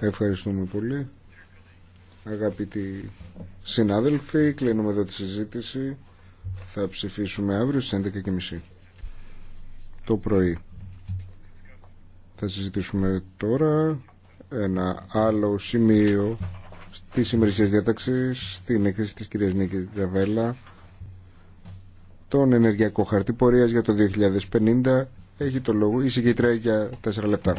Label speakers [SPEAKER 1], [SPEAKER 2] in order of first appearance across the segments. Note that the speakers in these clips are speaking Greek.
[SPEAKER 1] Ευχαριστούμε πολύ. Αγαπητοί συνάδελφοι, κλείνουμε εδώ τη συζήτηση. Θα ψηφίσουμε αύριο στις 11.30 το πρωί. Θα συζητήσουμε τώρα ένα άλλο σημείο στις σημερινή διάταξη, στην έκθεση της κυρίας Νίκης Τζαβέλα, τον ενεργειακό χαρτί πορείας για το 2050. Έχει το λόγο η συγκεκριά για 4 λεπτά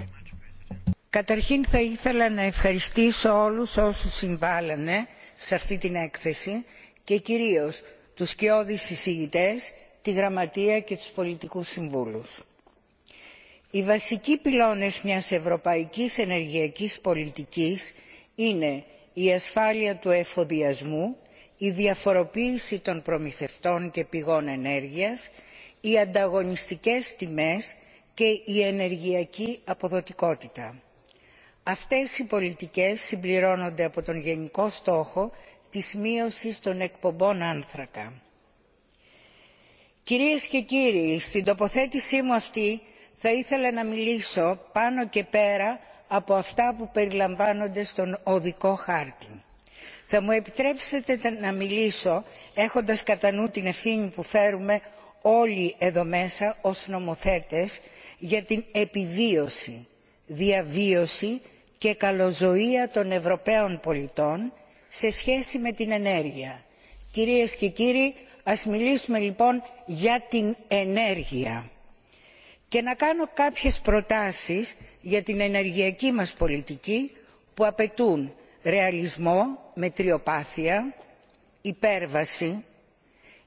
[SPEAKER 2] καταρχήν θα ήθελα να ευχαριστήσω όλους όσους συμβάλλανε σε αυτή την έκθεση και κυρίως τους σκιώδεις εισηγητές τη γραμματεία και τους πολιτικούς συμβούλους. οι βασικοί πυλώνες μιας ευρωπαϊκής ενεργειακής πολιτικής είναι η ασφάλεια του εφοδιασμού η διαφοροποίηση των προμηθευτών και πηγών ενέργειας οι ανταγωνιστικές τιμές και η ενεργειακή αποδοτικότητα αυτές οι πολιτικές συμπληρώνονται από τον γενικό στόχο της μείωσης των εκπομπών άνθρακα. Κυρίες και κύριοι, στην τοποθέτησή μου αυτή θα ήθελα να μιλήσω πάνω και πέρα από αυτά που περιλαμβάνονται στον οδικό χάρτη. Θα μου επιτρέψετε να μιλήσω έχοντας κατά νου την ευθύνη που φέρουμε όλοι εδώ μέσα ως νομοθέτες για την επιβίωση, διαβίωση και καλοζωία των ευρωπαίων πολιτών σε σχέση με την ενέργεια. κυρίες και κύριοι ας μιλήσουμε λοιπόν για την ενέργεια και να κάνω κάποιες προτάσεις για την ενεργειακή μας πολιτική που απαιτούν ρεαλισμό μετριοπάθεια υπέρβαση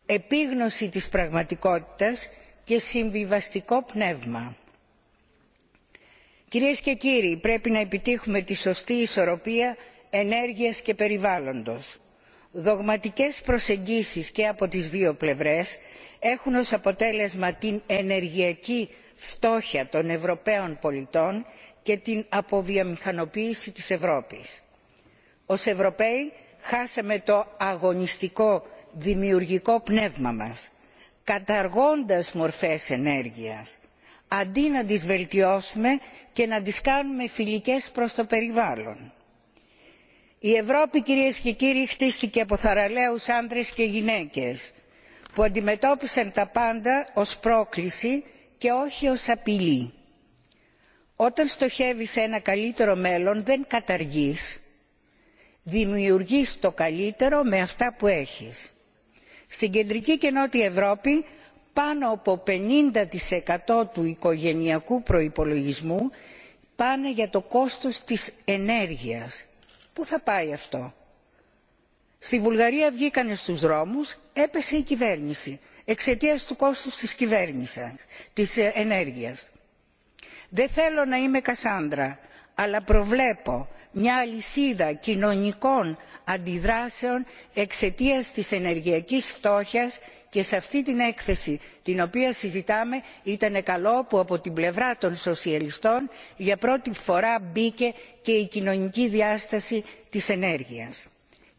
[SPEAKER 2] επίγνωση της πραγματικότητας και συμβιβαστικό πνεύμα. Κυρίες και κύριοι, πρέπει να επιτύχουμε τη σωστή ισορροπία ενέργειας και περιβάλλοντος. Δογματικές προσεγγίσεις και από τις δύο πλευρές έχουν ως αποτέλεσμα την ενεργειακή φτώχεια των Ευρωπαίων πολιτών και την αποβιομηχανοποίηση της Ευρώπης. Ως Ευρωπαίοι χάσαμε το αγωνιστικό δημιουργικό πνεύμα μας καταργώντας μορφές ενέργειας. Αντί να τις βελτιώσουμε και να τις κάνουμε φιλικές προς το περιβάλλον. Η Ευρώπη κυρίες και κύριοι χτίστηκε από θαραλέους άντρες και γυναίκες που αντιμετώπισαν τα πάντα ως πρόκληση και όχι ως απειλή. Όταν στοχεύεις σε ένα καλύτερο μέλλον δεν καταργείς. Δημιουργείς το καλύτερο με αυτά που έχεις. Στην Κεντρική και Νότια Ευρώπη πάνω από 50% του οικογενειακού προϋπολογισμού πάνε για το κόστος της ενέργειας. Πού θα πάει αυτό. Στη Βουλγαρία βγήκανε στους δρόμους, έπεσε η κυβέρνηση εξαιτίας του κόστους της κυβέρνησης, της ενέργειας. Δεν θέλω να είμαι Κασάνδρα, αλλά προβλέπω μια αλυσίδα κοινωνικών αντιδράσεων εξαιτίας της ενεργειακής φτώχειας και σε αυτή την έκθεση την οποία συζητάμε ήταν καλό που από την πλευρά των σοσιαλιστών για πρώτη φορά μπήκε και η κοινωνική διάσταση της ενέργειας.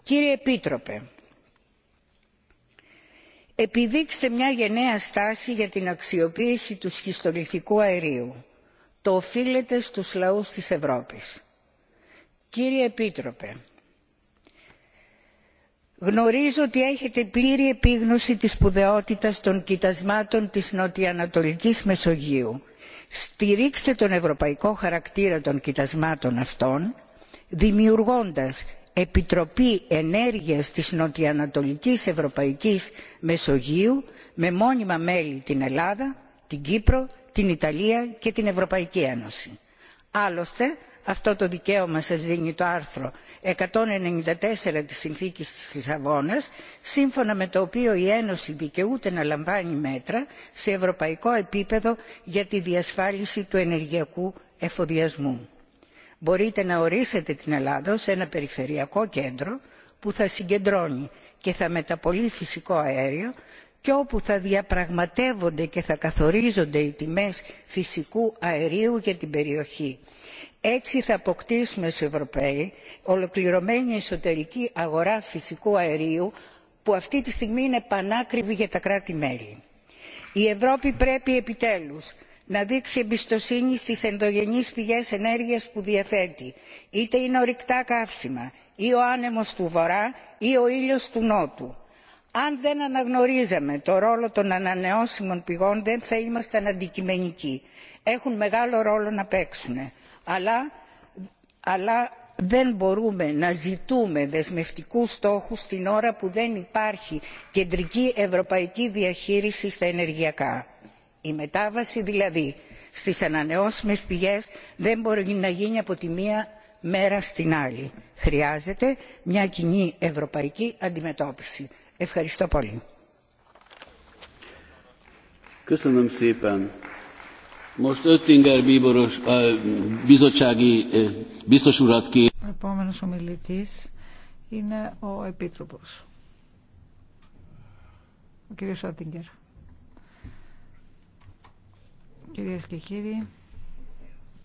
[SPEAKER 2] κύριε επίτροπε επιδείξτε μια γενναία στάση για την αξιοποίηση του σχιστολιθικού αερίου. το οφείλετε στους λαούς της ευρώπης. κύριε επίτροπε γνωρίζω ότι έχετε πλήρη επίγνωση της σπουδαιότητας των κοιτασμάτων της νοτιοανατολικής μεσογείου. στηρίξτε τον ευρωπαϊκό χαρακτήρα των κοιτασμάτων αυτών δημιουργώντας επιτροπή ενέργειας της νοτιοανατολικής ευρωπαϊκής μεσογείου με μόνιμα μέλη την ελλάδα την κύπρο την ιταλία και την ευρωπαϊκή ένωση. άλλωστε αυτό το δικαίωμα σας δίνει το άρθρο 194 της συνθήκης της Λισαβόνα, σύμφωνα με το οποίο η Ένωση δικαιούται να λαμβάνει μέτρα σε ευρωπαϊκό επίπεδο για τη διασφάλιση του ενεργειακού εφοδιασμού. Μπορείτε να ορίσετε την Ελλάδα σε ένα περιφερειακό κέντρο που θα συγκεντρώνει και θα μεταπολεί φυσικό αέριο και όπου θα διαπραγματεύονται και θα καθορίζονται οι τιμές φυσικού αερίου για την περιοχή έτσι θα αποκτήσουμε ως ευρωπαίοι ολοκληρωμένη εσωτερική αγορά φυσικού αερίου που αυτή τη στιγμή είναι πανάκριβη για τα κράτη μέλη. η ευρώπη πρέπει επιτέλους να δείξει εμπιστοσύνη στις ενδογενείς πηγές ενέργειας που διαθέτει είτε είναι ορυκτά καύσιμα ή ο άνεμος του βορρά ή ο ήλιος του νότου. αν δεν αναγνωρίζαμε το ρόλο των ανανεώσιμων πηγών δεν θα ήμασταν αντικειμενικοί. έχουν μεγάλο ρόλο να παίξουν αλλά δεν μπορούμε να ζητούμε δεσμευτικούς στόχους την ώρα που δεν υπάρχει κεντρική ευρωπαϊκή διαχείριση στα ενεργειακά. η μετάβαση δηλαδή στις ανανεώσιμες πηγές δεν μπορεί να γίνει από τη μία μέρα στην άλλη. χρειάζεται μια κοινή ευρωπαϊκή αντιμετώπιση. ευχαριστώ πολύ.
[SPEAKER 1] E,
[SPEAKER 3] ο επόμενος ομιλητής είναι ο Επίτροπος. Ο κύριος Öttinger. Κυρίες και κύριοι,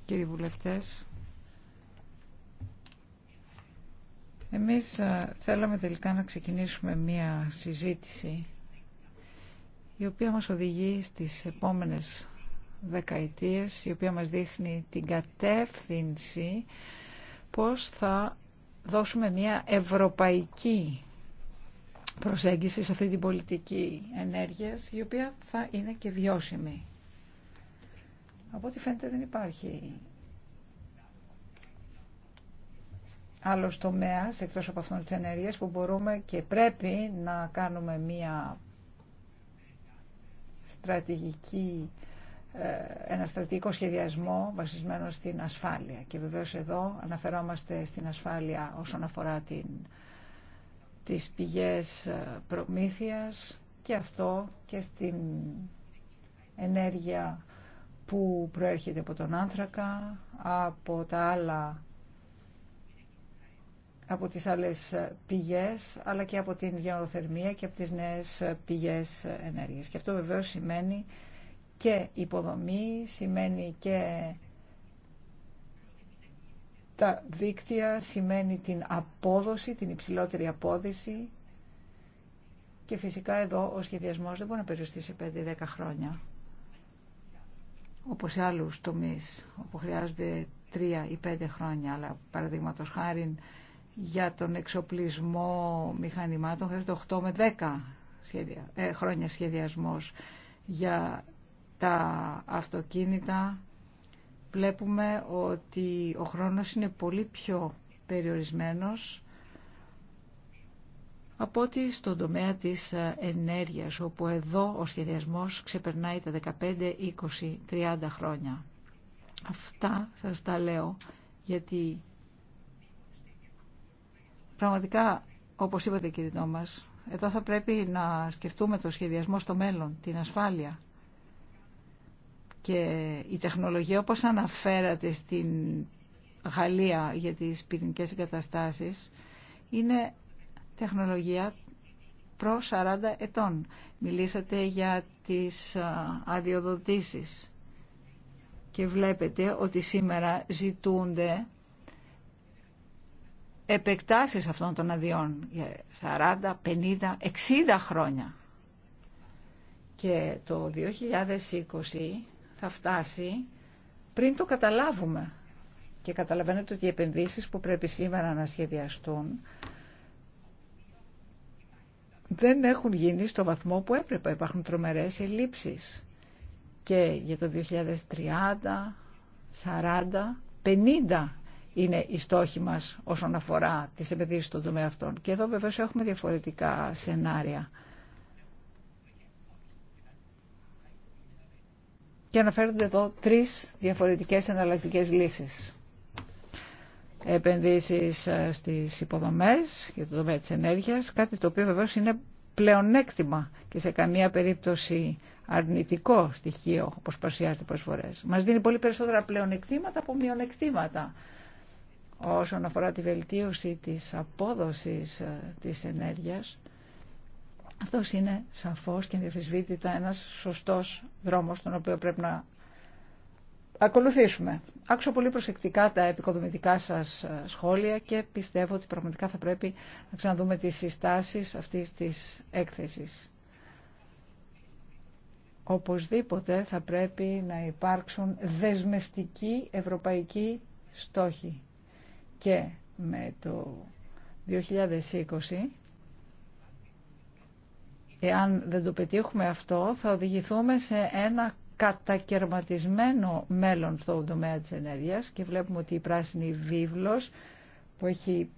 [SPEAKER 3] κύριοι βουλευτές, εμείς ε, θέλαμε τελικά να ξεκινήσουμε μία συζήτηση η οποία μας οδηγεί στις επόμενες δεκαετίες η οποία μας δείχνει την κατεύθυνση πώς θα δώσουμε μια ευρωπαϊκή προσέγγιση σε αυτή την πολιτική ενέργειας η οποία θα είναι και βιώσιμη. Από ό,τι φαίνεται δεν υπάρχει άλλο τομέα εκτό από αυτών τη ενέργεια που μπορούμε και πρέπει να κάνουμε μία στρατηγική ε, ένα στρατηγικό σχεδιασμό βασισμένο στην ασφάλεια. Και βεβαίως εδώ αναφερόμαστε στην ασφάλεια όσον αφορά την, τις πηγές ε, προμήθειας και αυτό και στην ενέργεια που προέρχεται από τον άνθρακα, από τα άλλα από τις άλλες ε, πηγές, αλλά και από την γεωροθερμία και από τις νέες πηγές ενέργειας. Και αυτό βεβαίως σημαίνει και υποδομή, σημαίνει και τα δίκτυα, σημαίνει την απόδοση, την υψηλότερη απόδοση και φυσικά εδώ ο σχεδιασμός δεν μπορεί να περιοριστεί σε 5-10 χρόνια όπως σε άλλους τομείς όπου χρειάζονται 3 ή 5 χρόνια αλλά παραδείγματο χάρη για τον εξοπλισμό μηχανημάτων χρειάζεται 8 με 10 σχέδια, ε, χρόνια σχεδιασμός για τα αυτοκίνητα βλέπουμε ότι ο χρόνος είναι πολύ πιο περιορισμένος από ότι στον τομέα της ενέργειας, όπου εδώ ο σχεδιασμός ξεπερνάει τα 15, 20, 30 χρόνια. Αυτά σας τα λέω, γιατί πραγματικά, όπως είπατε κύριε Τόμας, εδώ θα πρέπει να σκεφτούμε το σχεδιασμό στο μέλλον, την ασφάλεια. Και η τεχνολογία όπως αναφέρατε στην Γαλλία για τις πυρηνικές εγκαταστάσεις είναι τεχνολογία προ 40 ετών. Μιλήσατε για τις αδειοδοτήσεις και βλέπετε ότι σήμερα ζητούνται επεκτάσεις αυτών των αδειών για 40, 50, 60 χρόνια. Και το 2020 θα φτάσει πριν το καταλάβουμε. Και καταλαβαίνετε ότι οι επενδύσεις που πρέπει σήμερα να σχεδιαστούν δεν έχουν γίνει στο βαθμό που έπρεπε. Υπάρχουν τρομερές ελλείψεις. Και για το 2030, 40, 50 είναι οι στόχοι μας όσον αφορά τις επενδύσεις στον τομέα αυτών. Και εδώ βεβαίως έχουμε διαφορετικά σενάρια. Και αναφέρονται εδώ τρεις διαφορετικές εναλλακτικές λύσεις. Επενδύσεις ε, στις υποδομές για το τομέα της ενέργειας, κάτι το οποίο βεβαίως είναι πλεονέκτημα και σε καμία περίπτωση αρνητικό στοιχείο, όπως παρουσιάζεται πολλές φορές. Μας δίνει πολύ περισσότερα πλεονεκτήματα από μειονεκτήματα όσον αφορά τη βελτίωση της απόδοσης ε, της ενέργειας αυτό είναι σαφώς και ενδιαφεσβήτητα ένα σωστός δρόμος τον οποίο πρέπει να ακολουθήσουμε. Άκουσα πολύ προσεκτικά τα επικοδομητικά σας ε, σχόλια και πιστεύω ότι πραγματικά θα πρέπει να ξαναδούμε τις συστάσεις αυτής της έκθεσης. Οπωσδήποτε θα πρέπει να υπάρξουν δεσμευτικοί ευρωπαϊκοί στόχοι. Και με το 2020 Εάν δεν το πετύχουμε αυτό, θα οδηγηθούμε σε ένα κατακαιρματισμένο μέλλον στο τομέα της ενέργειας και βλέπουμε ότι η πράσινη βίβλος που έχει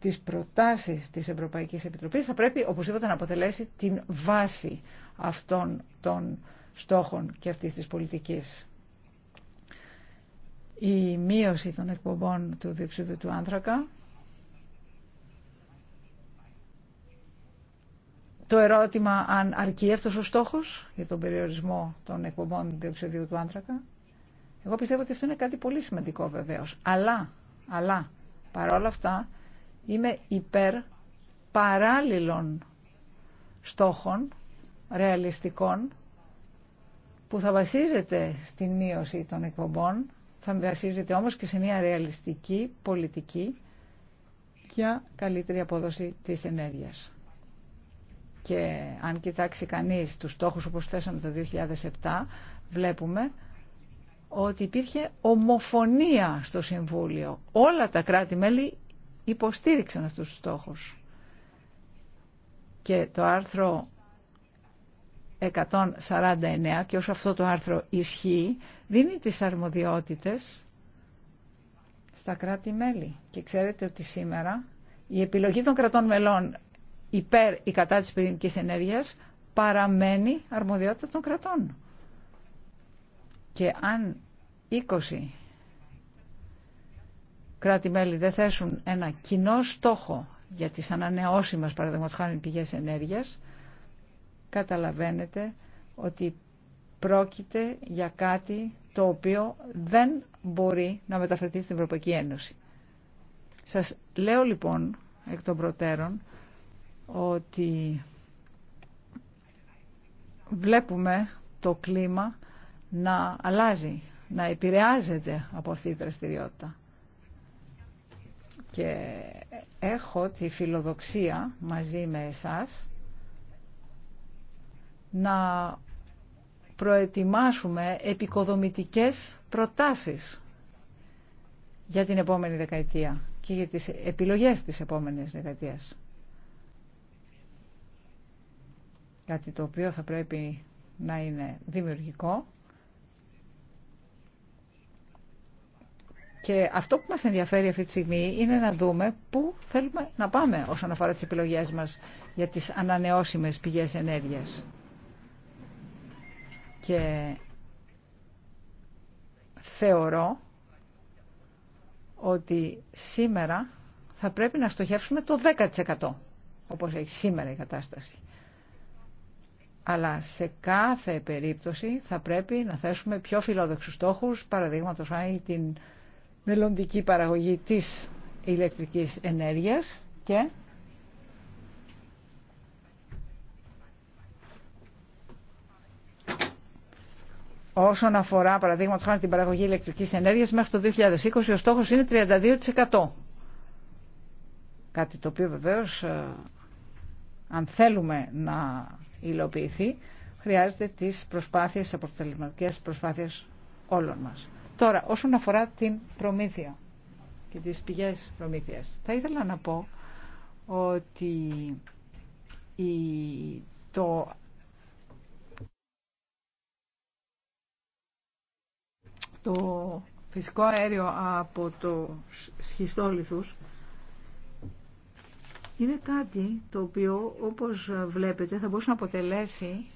[SPEAKER 3] τις προτάσεις της Ευρωπαϊκής Επιτροπής θα πρέπει οπωσδήποτε να αποτελέσει την βάση αυτών των στόχων και αυτής της πολιτικής. Η μείωση των εκπομπών του διοξείδου του άνθρακα το ερώτημα αν αρκεί αυτός ο στόχος για τον περιορισμό των εκπομπών διοξιδίου του άνθρακα. Εγώ πιστεύω ότι αυτό είναι κάτι πολύ σημαντικό βεβαίως. Αλλά, αλλά, παρόλα αυτά, είμαι υπέρ παράλληλων στόχων ρεαλιστικών που θα βασίζεται στην μείωση των εκπομπών, θα βασίζεται όμως και σε μια ρεαλιστική πολιτική για καλύτερη απόδοση της ενέργειας. Και αν κοιτάξει κανείς τους στόχους όπως θέσαμε το 2007, βλέπουμε ότι υπήρχε ομοφωνία στο Συμβούλιο. Όλα τα κράτη-μέλη υποστήριξαν αυτούς τους στόχους. Και το άρθρο 149 και όσο αυτό το άρθρο ισχύει, δίνει τις αρμοδιότητες στα κράτη-μέλη. Και ξέρετε ότι σήμερα η επιλογή των κρατών μελών υπέρ ή κατά της πυρηνικής ενέργειας παραμένει αρμοδιότητα των κρατών. Και αν 20 κράτη-μέλη δεν θέσουν ένα κοινό στόχο για τις ανανεώσιμες παραδείγματος χάρη πηγές ενέργειας, καταλαβαίνετε ότι πρόκειται για κάτι το οποίο δεν μπορεί να μεταφερθεί στην Ευρωπαϊκή Ένωση. Σας λέω λοιπόν εκ των προτέρων ότι βλέπουμε το κλίμα να αλλάζει, να επηρεάζεται από αυτή τη δραστηριότητα. Και έχω τη φιλοδοξία μαζί με εσάς να προετοιμάσουμε επικοδομητικές προτάσεις για την επόμενη δεκαετία και για τις επιλογές της επόμενης δεκαετίας. κάτι το οποίο θα πρέπει να είναι δημιουργικό. Και αυτό που μας ενδιαφέρει αυτή τη στιγμή είναι να δούμε πού θέλουμε να πάμε όσον αφορά τις επιλογές μας για τις ανανεώσιμες πηγές ενέργειας. Και θεωρώ ότι σήμερα θα πρέπει να στοχεύσουμε το 10% όπως έχει σήμερα η κατάσταση αλλά σε κάθε περίπτωση θα πρέπει να θέσουμε πιο φιλόδοξους στόχους, παραδείγματος χάρη την μελλοντική παραγωγή της ηλεκτρικής ενέργειας και όσον αφορά παραδείγματο χάρη την παραγωγή ηλεκτρικής ενέργειας μέχρι το 2020 ο στόχος είναι 32%. Κάτι το οποίο βεβαίως ε, αν θέλουμε να υλοποιηθεί, χρειάζεται τις προσπάθειες, τις αποτελεσματικές προσπάθειες όλων μας. Τώρα, όσον αφορά την προμήθεια και τις πηγές προμήθειας, θα ήθελα να πω ότι η, το το φυσικό αέριο από το σχιστόλιθους είναι κάτι το οποίο όπως βλέπετε θα μπορούσε να αποτελέσει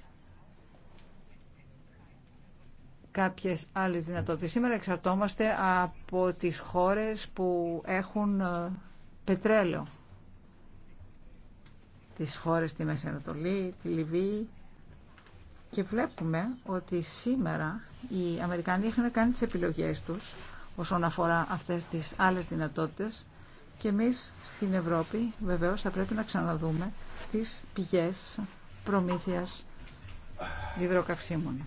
[SPEAKER 3] κάποιες άλλες δυνατότητες. Σήμερα εξαρτώμαστε από τις χώρες που έχουν ε, πετρέλαιο. Τις χώρες στη Μέση Ανατολή, τη Λιβύη. Και βλέπουμε ότι σήμερα οι Αμερικανοί έχουν κάνει τις επιλογές τους όσον αφορά αυτές τις άλλες δυνατότητες και εμείς στην Ευρώπη βεβαίως θα πρέπει να ξαναδούμε τις πηγές προμήθειας υδροκαυσίμων.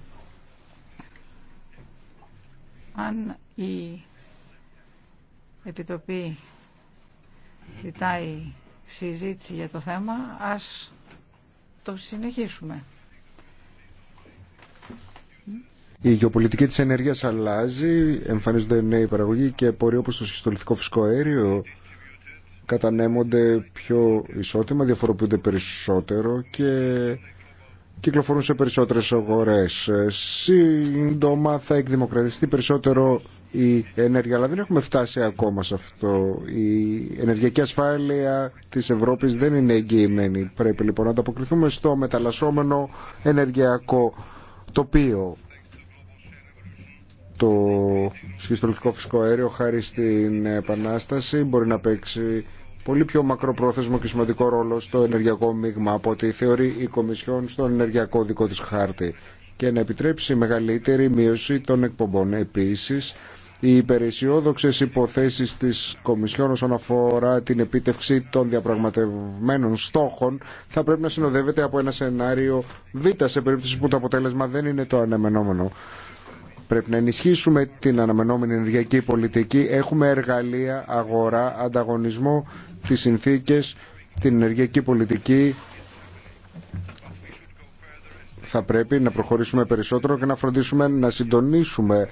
[SPEAKER 3] Αν η Επιτροπή ζητάει συζήτηση για το θέμα, ας το συνεχίσουμε.
[SPEAKER 1] Η γεωπολιτική της ενέργειας αλλάζει, εμφανίζονται νέοι παραγωγοί και πορεί όπως το συστολιθικό φυσικό αέριο, κατανέμονται πιο ισότιμα, διαφοροποιούνται περισσότερο και κυκλοφορούν σε περισσότερες αγορές. Σύντομα θα εκδημοκρατιστεί περισσότερο η ενέργεια, αλλά δεν έχουμε φτάσει ακόμα σε αυτό. Η ενεργειακή ασφάλεια της Ευρώπης δεν είναι εγγυημένη. Πρέπει λοιπόν να ανταποκριθούμε στο μεταλλασσόμενο ενεργειακό τοπίο το σχιστολιθικό φυσικό αέριο χάρη στην επανάσταση μπορεί να παίξει πολύ πιο μακροπρόθεσμο και σημαντικό ρόλο στο ενεργειακό μείγμα από ό,τι θεωρεί η Κομισιόν στον ενεργειακό δικό της χάρτη και να επιτρέψει μεγαλύτερη μείωση των εκπομπών. Επίσης, οι υπεραισιόδοξες υποθέσεις της Κομισιόν όσον αφορά την επίτευξη των διαπραγματευμένων στόχων θα πρέπει να συνοδεύεται από ένα σενάριο β σε περίπτωση που το αποτέλεσμα δεν είναι το αναμενόμενο. Πρέπει να ενισχύσουμε την αναμενόμενη ενεργειακή πολιτική. Έχουμε εργαλεία, αγορά, ανταγωνισμό, τις συνθήκες, την ενεργειακή πολιτική. Θα πρέπει να προχωρήσουμε περισσότερο και να φροντίσουμε να συντονίσουμε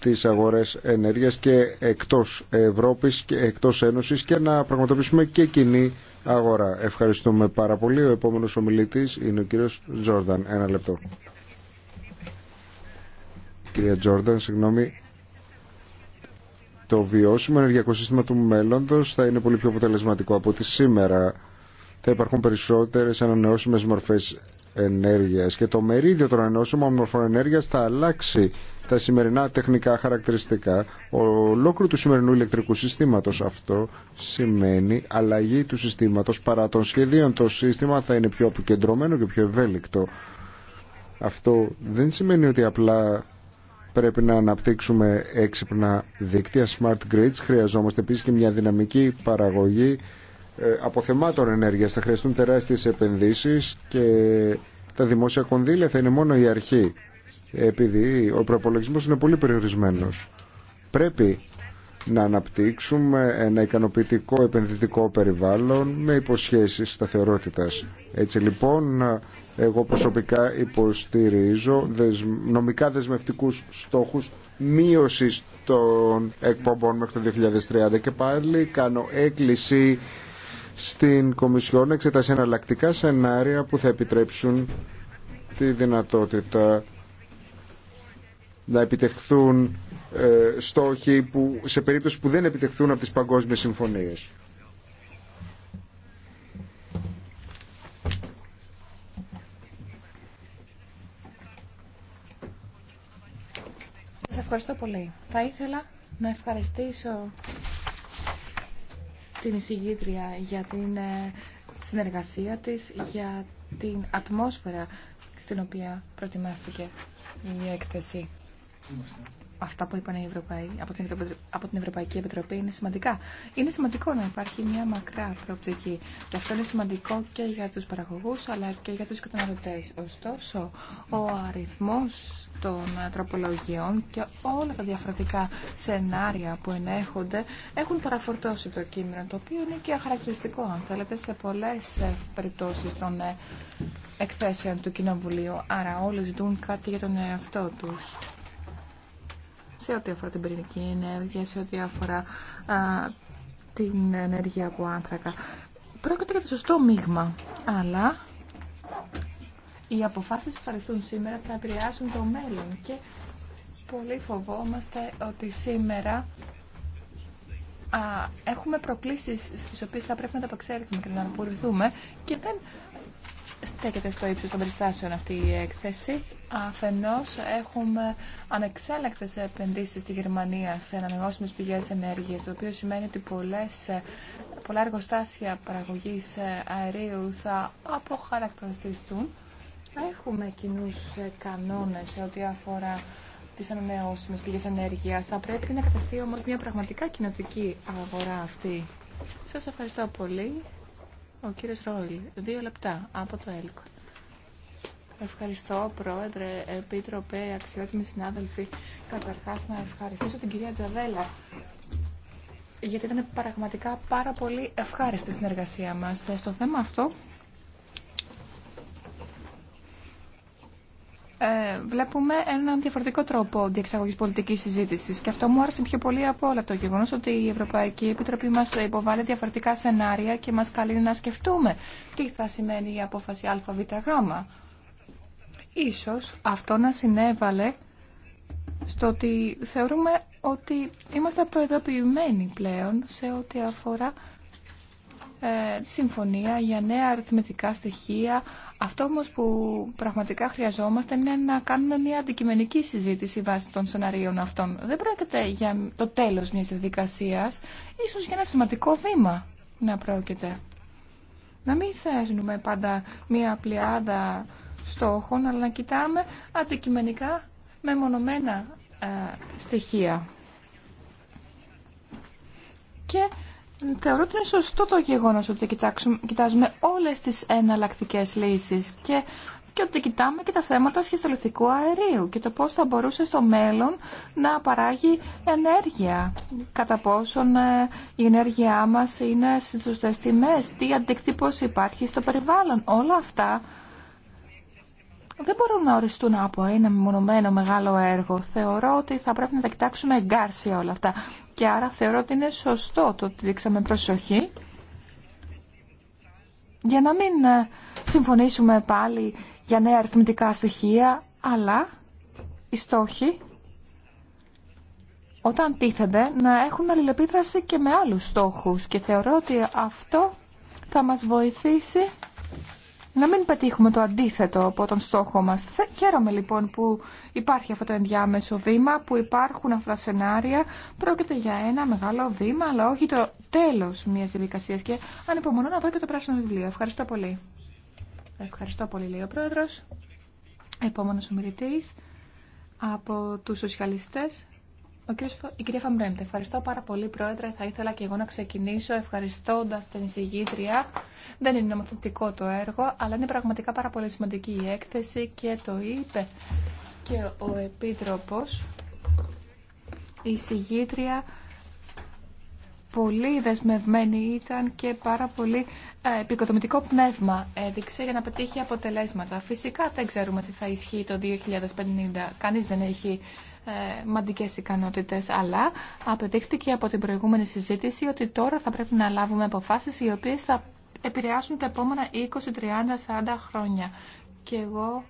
[SPEAKER 1] τις αγορές ενέργειας και εκτός Ευρώπης και εκτός Ένωσης και να πραγματοποιήσουμε και κοινή αγορά. Ευχαριστούμε πάρα πολύ. Ο επόμενος ομιλητής είναι ο κύριος Τζόρνταν. Ένα λεπτό κυρία Τζόρνταν, συγγνώμη, το βιώσιμο ενεργειακό σύστημα του μέλλοντος θα είναι πολύ πιο αποτελεσματικό από ότι σήμερα. Θα υπάρχουν περισσότερες ανανεώσιμες μορφές ενέργειας και το μερίδιο των ανανεώσιμων μορφών ενέργειας θα αλλάξει τα σημερινά τεχνικά χαρακτηριστικά ολόκληρου του σημερινού ηλεκτρικού συστήματος. Αυτό σημαίνει αλλαγή του συστήματος παρά των σχεδίων. Το σύστημα θα είναι πιο αποκεντρωμένο και πιο ευέλικτο. Αυτό δεν σημαίνει ότι απλά Πρέπει να αναπτύξουμε έξυπνα δίκτυα smart grids. Χρειαζόμαστε επίσης και μια δυναμική παραγωγή ε, αποθεμάτων ενέργειας. Θα χρειαστούν τεράστιες επενδύσεις και τα δημόσια κονδύλια θα είναι μόνο η αρχή. Επειδή ο προπολογισμό είναι πολύ περιορισμένος. Πρέπει να αναπτύξουμε ένα ικανοποιητικό επενδυτικό περιβάλλον με υποσχέσεις σταθερότητας. Έτσι λοιπόν εγώ προσωπικά υποστηρίζω νομικά δεσμευτικούς στόχους μείωση των εκπομπών μέχρι το 2030 και πάλι κάνω έκκληση στην Κομισιόν να εξετάσει εναλλακτικά σενάρια που θα επιτρέψουν τη δυνατότητα να επιτευχθούν ε, στόχοι που, σε περίπτωση που δεν επιτευχθούν από τις παγκόσμιες συμφωνίες.
[SPEAKER 4] Ευχαριστώ πολύ. Θα ήθελα να ευχαριστήσω την εισηγήτρια για την ε, συνεργασία της, για την ατμόσφαιρα στην οποία προτιμάστηκε η έκθεση αυτά που είπαν οι Ευρωπαίοι, από, την, από την Ευρωπαϊκή Επιτροπή είναι σημαντικά. Είναι σημαντικό να υπάρχει μια μακρά προοπτική και αυτό είναι σημαντικό και για τους παραγωγούς αλλά και για τους καταναλωτές. Ωστόσο, ο αριθμός των τροπολογιών και όλα τα διαφορετικά σενάρια που ενέχονται έχουν παραφορτώσει το κείμενο, το οποίο είναι και χαρακτηριστικό, αν θέλετε, σε πολλές ε, περιπτώσεις των ε, εκθέσεων του Κοινοβουλίου. Άρα όλοι ζητούν κάτι για τον εαυτό τους σε ό,τι αφορά την πυρηνική ενέργεια, σε ό,τι αφορά την ενέργεια από άνθρακα. Πρόκειται για το σωστό μείγμα, αλλά οι αποφάσεις που θα σήμερα θα επηρεάσουν το μέλλον και πολύ φοβόμαστε ότι σήμερα α, έχουμε προκλήσεις στις οποίες θα πρέπει να τα απεξέλθουμε και να απορριθούμε και δεν στέκεται στο ύψος των περιστάσεων αυτή η έκθεση. Αφενός έχουμε ανεξέλεκτες επενδύσεις στη Γερμανία σε ανανεώσιμες πηγές ενέργειας, το οποίο σημαίνει ότι πολλές, πολλά εργοστάσια παραγωγής αερίου θα αποχαρακτηριστούν. Έχουμε κοινού κανόνες σε ό,τι αφορά τις ανανεώσιμες πηγές ενέργειας. Θα πρέπει να καταστεί όμως μια πραγματικά κοινοτική αγορά αυτή. Σας ευχαριστώ πολύ. Ο κύριος Ρόιλ, δύο λεπτά από το ΕΛΚ. Ευχαριστώ, Πρόεδρε, Επίτροπε, αξιότιμοι συνάδελφοι. Καταρχάς, να ευχαριστήσω την κυρία Τζαβέλα, γιατί ήταν πραγματικά πάρα πολύ ευχάριστη η συνεργασία μας. Στο θέμα αυτό, Ε, βλέπουμε έναν διαφορετικό τρόπο διεξαγωγή πολιτική συζήτηση. Και αυτό μου άρεσε πιο πολύ από όλα το γεγονό ότι η Ευρωπαϊκή Επιτροπή μα υποβάλλει διαφορετικά σενάρια και μα καλεί να σκεφτούμε τι θα σημαίνει η απόφαση ΑΒΓ. Ίσως αυτό να συνέβαλε στο ότι θεωρούμε ότι είμαστε προειδοποιημένοι πλέον σε ό,τι αφορά ε, συμφωνία για νέα αριθμητικά στοιχεία. Αυτό όμω που πραγματικά χρειαζόμαστε είναι να κάνουμε μια αντικειμενική συζήτηση βάσει των σενάριων αυτών. Δεν πρόκειται για το τέλος μιας διαδικασία, ίσως για ένα σημαντικό βήμα να πρόκειται. Να μην θέσουμε πάντα μια πλειάδα στόχων, αλλά να κοιτάμε αντικειμενικά μεμονωμένα ε, στοιχεία. Και Θεωρώ ότι είναι σωστό το γεγονό ότι κοιτάζουμε όλε τι εναλλακτικέ λύσει. και, και ότι κοιτάμε και τα θέματα σχεστολιθικού αερίου και το πώ θα μπορούσε στο μέλλον να παράγει ενέργεια. Κατά πόσον ε, η ενέργειά μα είναι στι σωστέ τιμέ, τι αντικτύπωση υπάρχει στο περιβάλλον. Όλα αυτά δεν μπορούν να οριστούν από ένα μονομένο μεγάλο έργο. Θεωρώ ότι θα πρέπει να τα κοιτάξουμε εγκάρσια όλα αυτά. Και άρα θεωρώ ότι είναι σωστό το ότι δείξαμε προσοχή για να μην ε, συμφωνήσουμε πάλι για νέα αριθμητικά στοιχεία, αλλά οι στόχοι όταν τίθενται να έχουν αλληλεπίδραση και με άλλους στόχους και θεωρώ ότι αυτό θα μας βοηθήσει να μην πετύχουμε το αντίθετο από τον στόχο μας. Χαίρομαι λοιπόν που υπάρχει αυτό το ενδιάμεσο βήμα, που υπάρχουν αυτά τα σενάρια. Πρόκειται για ένα μεγάλο βήμα, αλλά όχι το τέλος μιας διαδικασίας. Και ανυπομονώ να δω και το πράσινο βιβλίο. Ευχαριστώ πολύ. Ευχαριστώ πολύ, λέει ο Πρόεδρος. Επόμενος ομιλητής από τους σοσιαλιστές, ο κύριος, η κυρία Φαμπρέμπτε, ευχαριστώ πάρα πολύ, Πρόεδρε. Θα ήθελα και εγώ να ξεκινήσω ευχαριστώντα την εισηγήτρια. Δεν είναι νομοθετικό το έργο, αλλά είναι πραγματικά πάρα πολύ σημαντική η έκθεση και το είπε και ο επίτροπο. Η εισηγήτρια πολύ δεσμευμένη ήταν και πάρα πολύ ε, επικοδομητικό πνεύμα έδειξε για να πετύχει αποτελέσματα. Φυσικά δεν ξέρουμε τι θα ισχύει το 2050. Κανείς δεν έχει ε, μαντικές ικανότητες, αλλά απεδείχθηκε από την προηγούμενη συζήτηση ότι τώρα θα πρέπει να λάβουμε αποφάσεις οι οποίες θα επηρεάσουν τα επόμενα 20, 30, 40 χρόνια. Και εγώ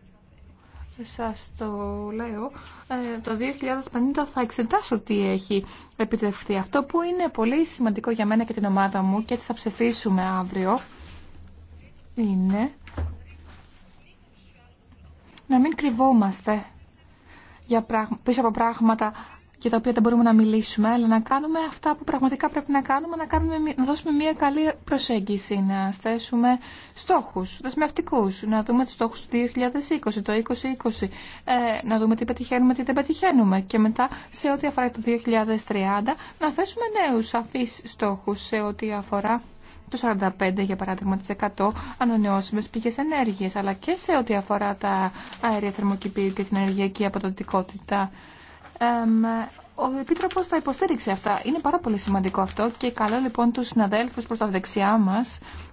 [SPEAKER 4] σας το λέω, ε, το 2050 θα εξετάσω τι έχει επιτευχθεί. Αυτό που είναι πολύ σημαντικό για μένα και την ομάδα μου και έτσι θα ψηφίσουμε αύριο είναι να μην κρυβόμαστε για πράγμα, πίσω από πράγματα για τα οποία δεν μπορούμε να μιλήσουμε, αλλά να κάνουμε αυτά που πραγματικά πρέπει να κάνουμε, να, κάνουμε, να δώσουμε μια καλή προσέγγιση, να θέσουμε στόχους δεσμευτικού, να δούμε τους στόχους του 2020, το 2020, ε, να δούμε τι πετυχαίνουμε, τι δεν πετυχαίνουμε και μετά σε ό,τι αφορά το 2030 να θέσουμε νέους σαφεί στόχους σε ό,τι αφορά το 45% για παράδειγμα της 100 ανανεώσιμες πηγές ενέργειας, αλλά και σε ό,τι αφορά τα αέρια θερμοκηπίου και την ενεργειακή αποδοτικότητα. ο επίτροπο τα υποστήριξε αυτά. Είναι πάρα πολύ σημαντικό αυτό και καλό λοιπόν του συναδέλφου προ τα δεξιά μα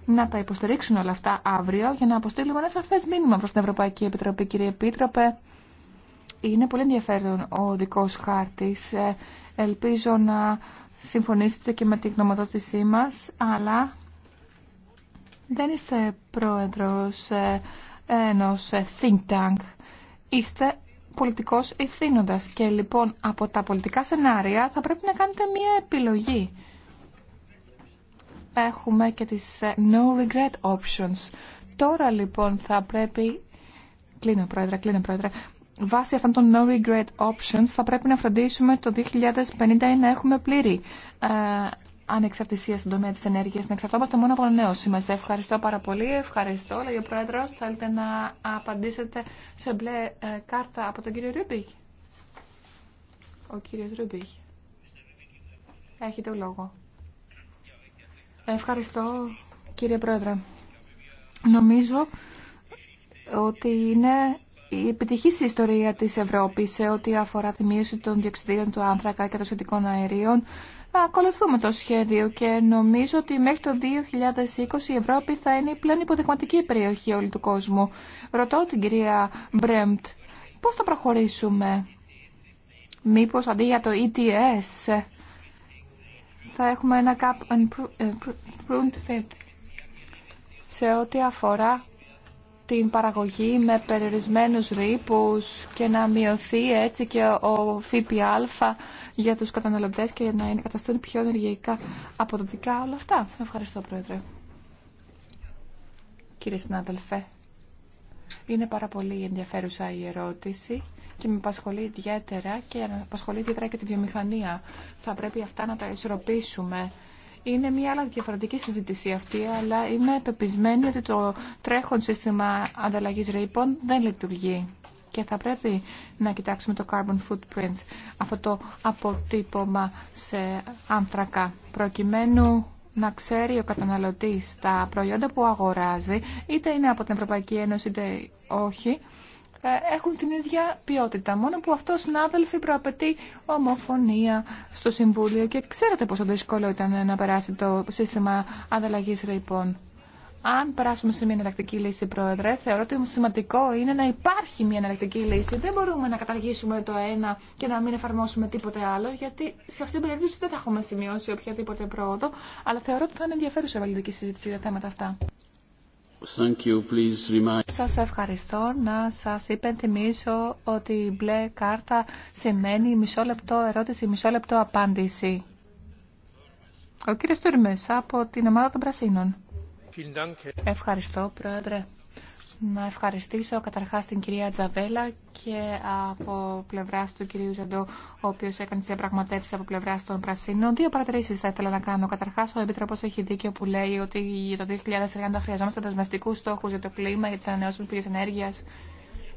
[SPEAKER 4] να τα υποστηρίξουν όλα αυτά αύριο για να αποστείλουμε ένα σαφέ μήνυμα προ την Ευρωπαϊκή Επιτροπή. Κύριε Επίτροπε, είναι πολύ ενδιαφέρον ο δικός χάρτη. Ε, ελπίζω να συμφωνήσετε και με τη γνωμοδότησή μα, αλλά δεν είστε πρόεδρος ε, ενός ε, think tank. Είστε πολιτικός ηθήνοντας και λοιπόν από τα πολιτικά σενάρια θα πρέπει να κάνετε μία επιλογή. Έχουμε και τις ε, no regret options. Τώρα λοιπόν θα πρέπει... Κλείνω πρόεδρε, κλείνω πρόεδρε. Βάσει αυτών των no regret options θα πρέπει να φροντίσουμε το 2050 να έχουμε πλήρη ανεξαρτησία στον τομέα τη ενέργεια, να εξαρτώμαστε μόνο από νέο Σε Ευχαριστώ πάρα πολύ. Ευχαριστώ, λέει ο Πρόεδρο. Θέλετε να απαντήσετε σε μπλε ε, κάρτα από τον κύριο Ρούμπιχ. Ο κύριο Ρούμπιχ. Έχει το λόγο. Ευχαριστώ, κύριε Πρόεδρε. Νομίζω ότι είναι η επιτυχής ιστορία της Ευρώπης σε ό,τι αφορά τη μείωση των διοξιδίων του άνθρακα και των σχετικών αερίων ακολουθούμε το σχέδιο και νομίζω ότι μέχρι το 2020 η Ευρώπη θα είναι η πλέον υποδειγματική περιοχή όλου του κόσμου. Ρωτώ την κυρία Μπρέμπτ, πώς θα προχωρήσουμε. Μήπως αντί για το ETS θα έχουμε ένα cap and ε, prune fit σε ό,τι αφορά την παραγωγή με περιορισμένους ρήπους και να μειωθεί έτσι και ο ΦΠΑ για τους καταναλωτές και να είναι καταστούν πιο ενεργειακά αποδοτικά όλα αυτά. Ευχαριστώ Πρόεδρε. Κύριε συνάδελφε, είναι πάρα πολύ ενδιαφέρουσα η ερώτηση και με απασχολεί ιδιαίτερα και απασχολεί ιδιαίτερα και τη βιομηχανία. Θα πρέπει αυτά να τα ισορροπήσουμε. Είναι μια άλλα διαφορετική συζήτηση αυτή, αλλά είμαι πεπισμένη ότι το τρέχον σύστημα ανταλλαγής ρήπων δεν λειτουργεί και θα πρέπει να κοιτάξουμε το carbon footprint, αυτό το αποτύπωμα σε άνθρακα, προκειμένου να ξέρει ο καταναλωτής τα προϊόντα που αγοράζει, είτε είναι από την Ευρωπαϊκή Ένωση είτε όχι, ε, έχουν την ίδια ποιότητα. Μόνο που αυτό, συνάδελφοι, προαπαιτεί ομοφωνία στο Συμβούλιο και ξέρετε πόσο δύσκολο ήταν να περάσει το σύστημα ανταλλαγής ρηπών. Αν περάσουμε σε μια εναλλακτική λύση, Πρόεδρε, θεωρώ ότι σημαντικό είναι να υπάρχει μια εναλλακτική λύση. Δεν μπορούμε να καταργήσουμε το ένα και να μην εφαρμόσουμε τίποτε άλλο, γιατί σε αυτή την περίπτωση δεν θα έχουμε σημειώσει οποιαδήποτε πρόοδο. Αλλά θεωρώ ότι θα είναι ενδιαφέρουσα η βαλλοντική συζήτηση για θέματα αυτά. Σα Σας ευχαριστώ. Να σας υπενθυμίσω ότι η μπλε κάρτα σημαίνει μισό λεπτό ερώτηση, μισό λεπτό απάντηση. Ο κύριο Τουρμές από την ομάδα των Πρασίνων. Ευχαριστώ, Πρόεδρε. Να ευχαριστήσω καταρχάς την κυρία Τζαβέλα και από πλευράς του κυρίου Ζαντό, ο οποίος έκανε τις διαπραγματεύσεις από πλευράς των Πρασίνων. Δύο παρατηρήσεις θα ήθελα να κάνω. Καταρχάς, ο Επιτρόπος έχει δίκιο που λέει ότι για το 2030 χρειαζόμαστε δεσμευτικούς στόχους για το κλίμα, για τις ανανεώσιμες πηγές ενέργειας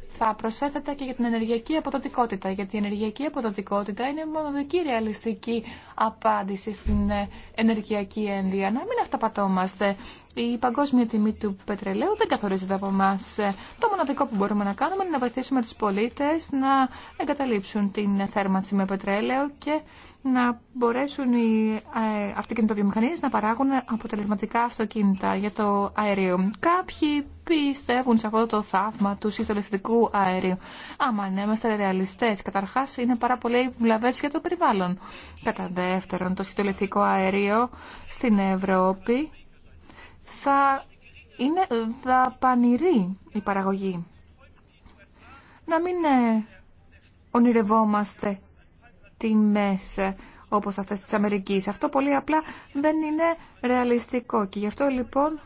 [SPEAKER 4] θα προσέθετα και για την ενεργειακή αποδοτικότητα, γιατί η ενεργειακή αποδοτικότητα είναι η μοναδική ρεαλιστική απάντηση στην ε, ενεργειακή ένδυα. Να μην αυταπατώμαστε. Η παγκόσμια τιμή του πετρελαίου δεν καθορίζεται από εμά. Το μοναδικό που μπορούμε να κάνουμε είναι να βοηθήσουμε του πολίτε να εγκαταλείψουν την θέρμανση με πετρέλαιο και να μπορέσουν οι το ε, αυτοκινητοβιομηχανίες να παράγουν αποτελεσματικά αυτοκίνητα για το αέριο. Κάποιοι πιστεύουν σε αυτό το θαύμα του συστολιστικού αερίου. Άμα ναι, είμαστε ρεαλιστές, καταρχάς είναι πάρα πολύ βλαβέ για το περιβάλλον. Κατά δεύτερον, το συστολιστικό αέριο στην Ευρώπη θα είναι δαπανηρή η παραγωγή. Να μην ε, ονειρευόμαστε τιμές όπως αυτές της Αμερικής. Αυτό πολύ απλά δεν είναι ρεαλιστικό και γι' αυτό λοιπόν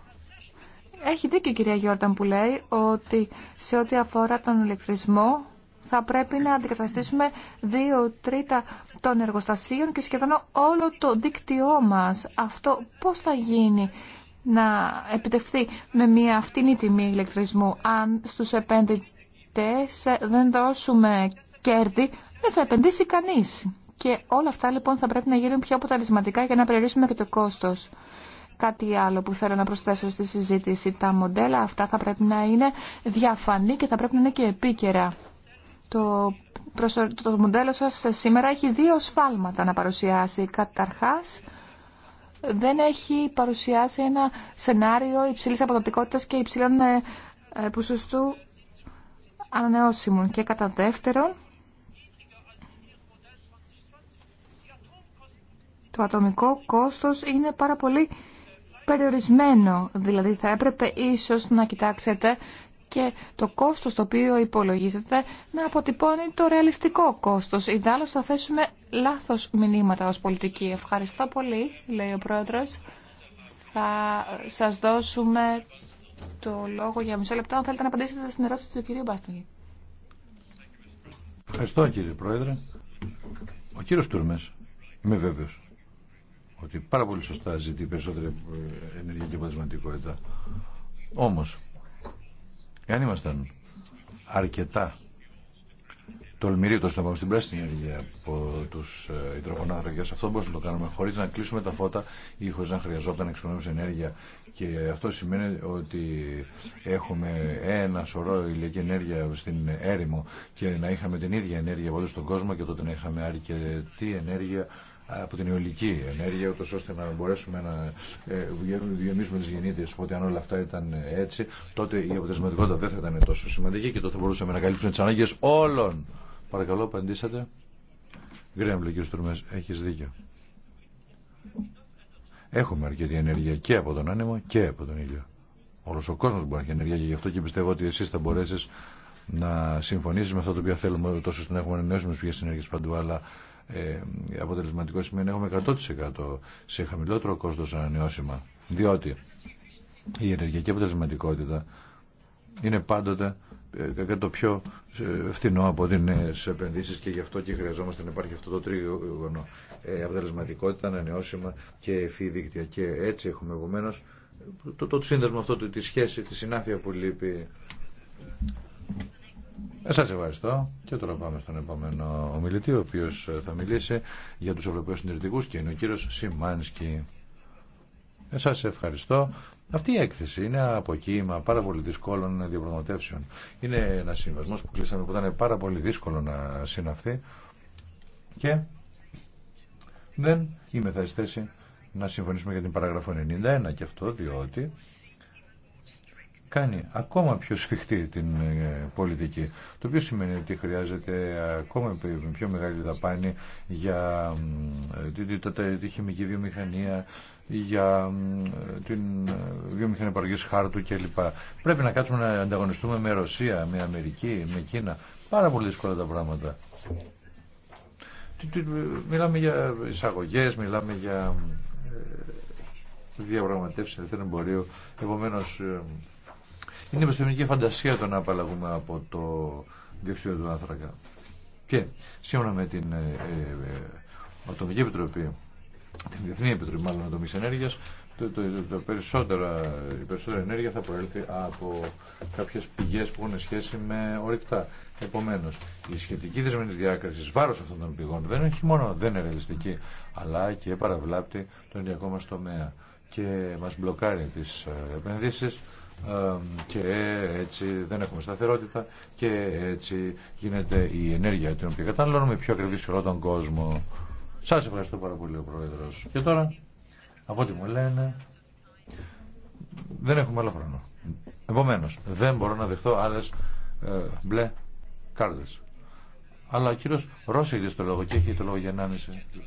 [SPEAKER 4] έχει δίκιο η κυρία Γιόρταν που λέει ότι σε ό,τι αφορά τον ηλεκτρισμό θα πρέπει να αντικαταστήσουμε δύο τρίτα των εργοστασίων και σχεδόν όλο το δίκτυό μας. Αυτό πώς θα γίνει να επιτευχθεί με μια αυτήνη τιμή ηλεκτρισμού αν στους επένδυτες δεν δώσουμε κέρδη δεν θα επενδύσει κανεί. Και όλα αυτά λοιπόν θα πρέπει να γίνουν πιο αποτελεσματικά για να περιορίσουμε και το κόστος. Κάτι άλλο που θέλω να προσθέσω στη συζήτηση. Τα μοντέλα αυτά θα πρέπει να είναι διαφανή και θα πρέπει να είναι και επίκαιρα. Το, το μοντέλο σας σήμερα έχει δύο σφάλματα να παρουσιάσει. Καταρχάς, δεν έχει παρουσιάσει ένα σενάριο υψηλής αποδοτικότητας και υψηλών ε, ε, ποσοστού ανανεώσιμων. Και κατά δεύτερον, το ατομικό κόστος είναι πάρα πολύ περιορισμένο. Δηλαδή θα έπρεπε ίσως να κοιτάξετε και το κόστος το οποίο υπολογίζετε να αποτυπώνει το ρεαλιστικό κόστος. Ιδάλλως θα θέσουμε λάθος μηνύματα ως πολιτική. Ευχαριστώ πολύ, λέει ο Πρόεδρος. Θα σας δώσουμε το λόγο για μισό λεπτό αν θέλετε να απαντήσετε στην ερώτηση του κυρίου Μπάστον.
[SPEAKER 5] Ευχαριστώ κύριε Πρόεδρε. Ο κύριος Τούρμες, είμαι βέβαιος ότι πάρα πολύ σωστά ζητεί περισσότερη ε, ενεργειακή αποτελεσματικότητα. Όμω, εάν ήμασταν αρκετά τολμηροί τόσο να πάμε στην πράσινη ενέργεια από του ε, υδρογονάνθρακε. Αυτό μπορούμε να το κάνουμε χωρί να κλείσουμε τα φώτα ή χωρί να χρειαζόταν εξοικονόμηση ενέργεια. Και αυτό σημαίνει ότι έχουμε ένα σωρό ηλιακή ενέργεια στην έρημο και να είχαμε την ίδια ενέργεια από στον κόσμο και τότε να είχαμε αρκετή ενέργεια από την αιωλική ενέργεια, ούτω ώστε να μπορέσουμε να ε, διονύσουμε τι γεννήτριε. Οπότε αν όλα αυτά ήταν έτσι, τότε η αποτελεσματικότητα δεν θα ήταν τόσο σημαντική και τότε θα μπορούσαμε να καλύψουμε τι ανάγκε όλων. Παρακαλώ, απαντήσατε. Γκρέμπλε, κύριε Στουρμέ, έχει δίκιο. Έχουμε αρκετή ενέργεια και από τον άνεμο και από τον ήλιο. Όλο ο κόσμο μπορεί να έχει ενέργεια και γι' αυτό και πιστεύω ότι εσεί θα μπορέσει να συμφωνήσει με αυτό το οποίο θέλουμε, τόσο να έχουμε νέες ενέργεια παντού, αλλά ε, αποτελεσματικό σημαίνει έχουμε 100% σε χαμηλότερο κόστος ανανεώσιμα. Διότι η ενεργειακή αποτελεσματικότητα είναι πάντοτε ε, το πιο ε, φθηνό από σε επενδύσεις και γι' αυτό και χρειαζόμαστε να υπάρχει αυτό το τρίγωνο ε, αποτελεσματικότητα, ανανεώσιμα και ευφύ δίκτυα. Και έτσι έχουμε επομένω το, το, το σύνδεσμο αυτό, τη σχέση, τη συνάφεια που λείπει. Ε, σας ευχαριστώ και τώρα πάμε στον επόμενο ομιλητή ο οποίος ε, θα μιλήσει για τους Ευρωπαίους Συντηρητικούς και είναι ο κύριος Σιμάνσκι. Ε, σας ευχαριστώ. Αυτή η έκθεση είναι κύμα πάρα πολύ δύσκολων διαπραγματεύσεων. Είναι ένα συμβασμό που κλείσαμε που ήταν πάρα πολύ δύσκολο να συναυθεί και δεν είμαι θα θέση να συμφωνήσουμε για την παράγραφο 91 και αυτό διότι κάνει ακόμα πιο σφιχτή την ε, πολιτική. Το οποίο σημαίνει ότι χρειάζεται ακόμα πιο μεγάλη δαπάνη για τη χημική βιομηχανία, για την ε, βιομηχανία παραγωγή χάρτου κλπ. Πρέπει να κάτσουμε να ανταγωνιστούμε με Ρωσία, με Αμερική, με Κίνα. Πάρα πολύ δύσκολα τα πράγματα. Μιλάμε για εισαγωγέ, μιλάμε για ε, διαπραγματεύσει ελευθερών εμπορίου. Επομένω, είναι επιστημονική φαντασία το να απαλλαγούμε από το διευθυντικό του άνθρακα. Και σύμφωνα με την ε, ε Ατομική Επιτροπή, την Διεθνή Επιτροπή μάλλον Ατομική ενέργεια, η περισσότερη ενέργεια θα προέλθει από κάποιε πηγέ που έχουν σχέση με ορυκτά. Επομένω, η σχετική δεσμενή διάκριση βάρο αυτών των πηγών δεν έχει μόνο δεν είναι αλλά και παραβλάπτει τον ενεργειακό μα τομέα και μα μπλοκάρει τι ε, επενδύσει και έτσι δεν έχουμε σταθερότητα και έτσι γίνεται η ενέργεια την οποία καταναλώνουμε πιο ακριβή σε όλο τον κόσμο. Σας ευχαριστώ πάρα πολύ ο πρόεδρο. Και τώρα, από ό,τι μου λένε, δεν έχουμε άλλο χρόνο. Επομένω, δεν μπορώ να δεχθώ άλλε ε, μπλε κάρτες. Αλλά ο κύριο Ρώση έχει το λόγο και έχει το λόγο για 1,5.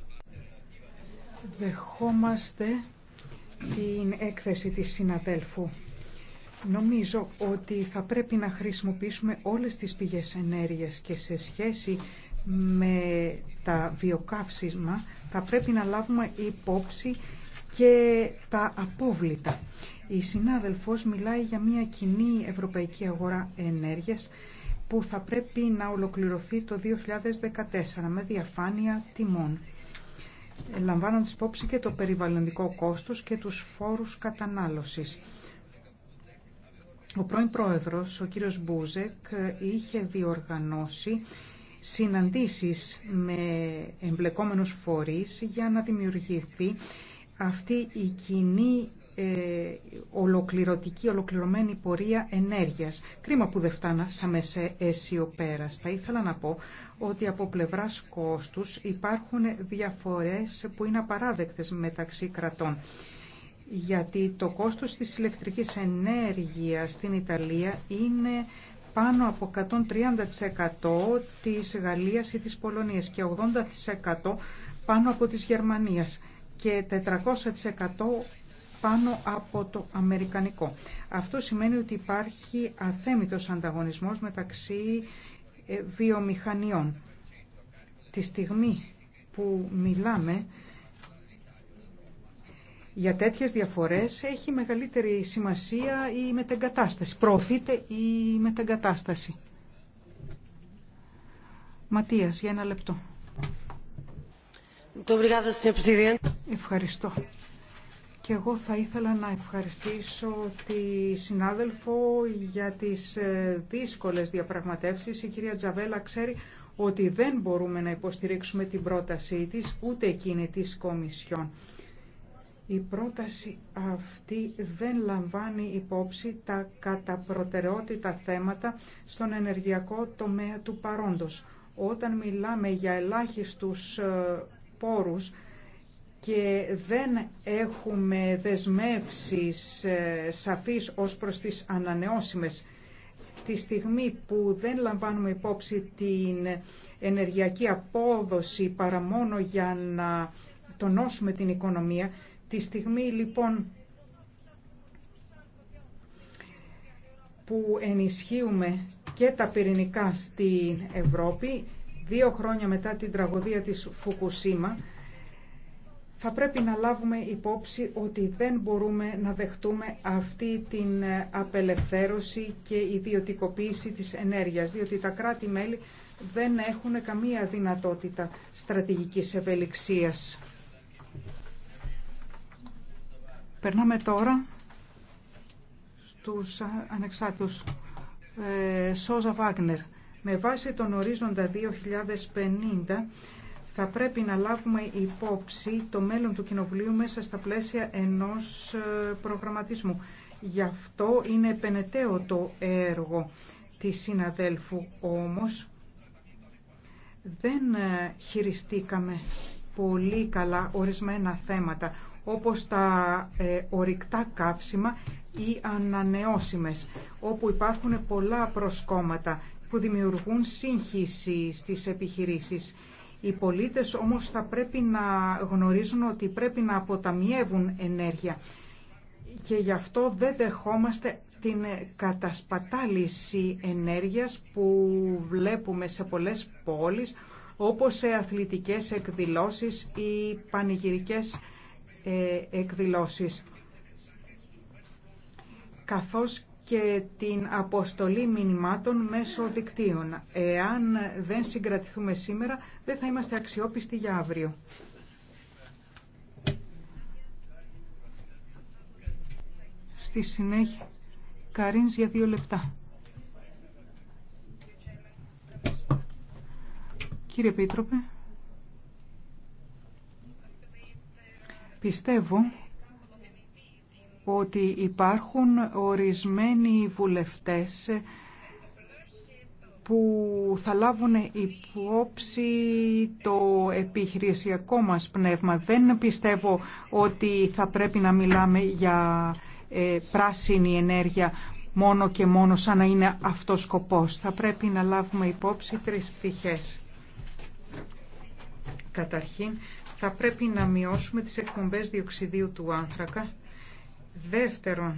[SPEAKER 6] Δεχόμαστε την έκθεση της συναδέλφου. Νομίζω ότι θα πρέπει να χρησιμοποιήσουμε όλες τις πηγές ενέργειας και σε σχέση με τα βιοκαύσιμα θα πρέπει να λάβουμε υπόψη και τα απόβλητα. Η συνάδελφος μιλάει για μια κοινή ευρωπαϊκή αγορά ενέργειας που θα πρέπει να ολοκληρωθεί το 2014 με διαφάνεια τιμών λαμβάνοντας υπόψη και το περιβαλλοντικό κόστος και τους φόρους κατανάλωσης. Ο πρώην πρόεδρος, ο κύριος Μπούζεκ, είχε διοργανώσει συναντήσεις με εμπλεκόμενους φορείς για να δημιουργηθεί αυτή η κοινή ε, ολοκληρωτική, ολοκληρωμένη πορεία ενέργειας. Κρίμα που δεν φτάνασαμε σε αίσιο πέρας. Θα ήθελα να πω ότι από πλευράς κόστους υπάρχουν διαφορές που είναι απαράδεκτες μεταξύ κρατών γιατί το κόστος της ηλεκτρικής ενέργειας στην Ιταλία είναι πάνω από 130% της Γαλλίας ή της Πολωνίας και 80% πάνω από της Γερμανίας και 400% πάνω από το αμερικανικό. Αυτό σημαίνει ότι υπάρχει αθέμητος ανταγωνισμός μεταξύ ε, βιομηχανιών. Τη στιγμή που μιλάμε για τέτοιες διαφορές έχει μεγαλύτερη σημασία η μετεγκατάσταση. Προωθείται η μετεγκατάσταση. Ματίας, για ένα λεπτό. Ευχαριστώ. Και εγώ θα ήθελα να ευχαριστήσω τη συνάδελφο για τις ε, δύσκολες διαπραγματεύσεις. Η κυρία Τζαβέλα ξέρει ότι δεν μπορούμε να υποστηρίξουμε την πρότασή της, ούτε εκείνη της Κομισιόν. Η πρόταση αυτή δεν λαμβάνει υπόψη τα κατά θέματα στον ενεργειακό τομέα του παρόντος. Όταν μιλάμε για ελάχιστους ε, πόρους και δεν έχουμε δεσμεύσεις ε, σαφείς ως προς τις ανανεώσιμες τη στιγμή που δεν λαμβάνουμε υπόψη την ενεργειακή απόδοση παρά μόνο για να τονώσουμε την οικονομία, Τη στιγμή λοιπόν που ενισχύουμε και τα πυρηνικά στην Ευρώπη, δύο χρόνια μετά την τραγωδία της Φουκουσίμα, θα πρέπει να λάβουμε υπόψη ότι δεν μπορούμε να δεχτούμε αυτή την απελευθέρωση και ιδιωτικοποίηση της ενέργειας, διότι τα κράτη-μέλη δεν έχουν καμία δυνατότητα στρατηγικής ευελιξίας. Περνάμε τώρα στους ανεξάρτητους ε, Σόζα Βάγνερ. Με βάση τον ορίζοντα 2050 θα πρέπει να λάβουμε υπόψη το μέλλον του Κοινοβουλίου μέσα στα πλαίσια ενός ε, προγραμματισμού. Γι' αυτό είναι επενεταίο το έργο της συναδέλφου όμως. Δεν ε, χειριστήκαμε πολύ καλά ορισμένα θέματα όπως τα ε, ορυκτά καύσιμα ή ανανεώσιμες, όπου υπάρχουν πολλά προσκόμματα που δημιουργούν σύγχυση στις επιχειρήσεις. Οι πολίτες όμως θα πρέπει να γνωρίζουν ότι πρέπει να αποταμιεύουν ενέργεια και γι' αυτό δεν δεχόμαστε την κατασπατάληση ενέργειας που βλέπουμε σε πολλές πόλεις όπως σε αθλητικές εκδηλώσεις ή πανηγυρικές ε, εκδηλώσεις καθώς και την αποστολή μηνυμάτων μέσω δικτύων. Εάν δεν συγκρατηθούμε σήμερα, δεν θα είμαστε αξιόπιστοι για αύριο. Στη συνέχεια, Καρίνς για δύο λεπτά. Κύριε Πίτροπε. Πιστεύω ότι υπάρχουν ορισμένοι βουλευτές που θα λάβουν υπόψη το επιχειρησιακό μας πνεύμα. Δεν πιστεύω ότι θα πρέπει να μιλάμε για ε, πράσινη ενέργεια μόνο και μόνο σαν να είναι αυτός σκοπός. Θα πρέπει να λάβουμε υπόψη τρεις πτυχές. Καταρχήν, θα πρέπει να μειώσουμε τις εκπομπές διοξιδίου του άνθρακα. Δεύτερον,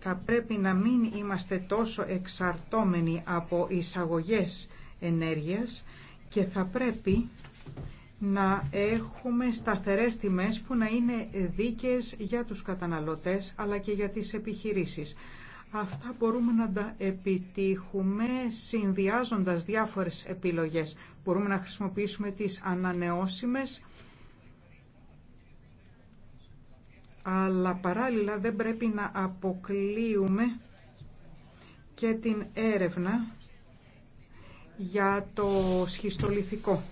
[SPEAKER 6] θα πρέπει να μην είμαστε τόσο εξαρτώμενοι από εισαγωγές ενέργειας και θα πρέπει να έχουμε σταθερές τιμές που να είναι δίκαιες για τους καταναλωτές αλλά και για τις επιχειρήσεις. Αυτά μπορούμε να τα επιτύχουμε συνδυάζοντας διάφορες επιλογές. Μπορούμε να χρησιμοποιήσουμε τις ανανεώσιμες, αλλά παράλληλα δεν πρέπει να αποκλείουμε και την έρευνα για το σχιστολιθικό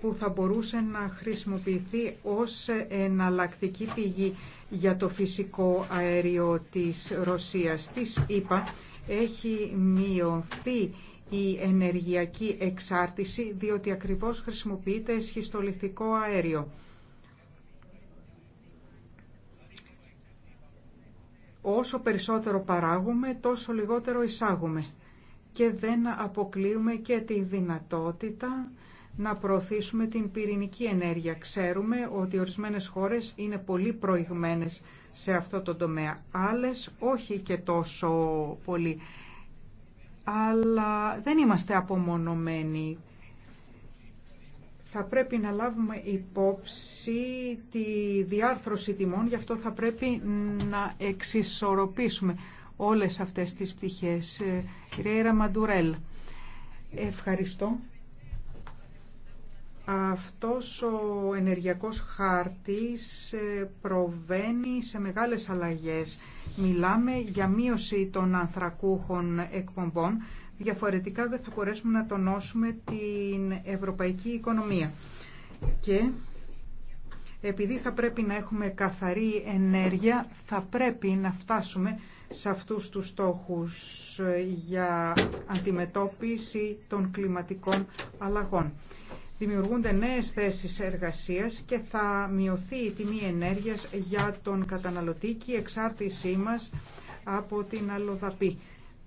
[SPEAKER 6] που θα μπορούσε να χρησιμοποιηθεί ως εναλλακτική πηγή για το φυσικό αέριο της Ρωσίας. Της είπα, έχει μειωθεί η ενεργειακή εξάρτηση διότι ακριβώς χρησιμοποιείται σχιστολιθικό αέριο. Όσο περισσότερο παράγουμε, τόσο λιγότερο εισάγουμε και δεν αποκλείουμε και τη δυνατότητα να προωθήσουμε την πυρηνική ενέργεια. Ξέρουμε ότι ορισμένες χώρες είναι πολύ προηγμένες σε αυτό το τομέα, άλλες όχι και τόσο πολύ. Αλλά δεν είμαστε απομονωμένοι. Θα πρέπει να λάβουμε υπόψη τη διάρθρωση τιμών, γι' αυτό θα πρέπει να εξισορροπήσουμε όλες αυτές τις πτυχές. Ε, Κυρία Μαντουρέλ, ευχαριστώ. Αυτός ο ενεργειακός χάρτης ε, προβαίνει σε μεγάλες αλλαγές. Μιλάμε για μείωση των ανθρακούχων εκπομπών. Διαφορετικά δεν θα μπορέσουμε να τονώσουμε την ευρωπαϊκή οικονομία. Και επειδή θα πρέπει να έχουμε καθαρή ενέργεια, θα πρέπει να φτάσουμε σε αυτούς τους στόχους ε, για αντιμετώπιση των κλιματικών αλλαγών δημιουργούνται νέες θέσεις εργασίας και θα μειωθεί η τιμή ενέργειας για τον καταναλωτή και η εξάρτησή μας από την αλλοδαπή.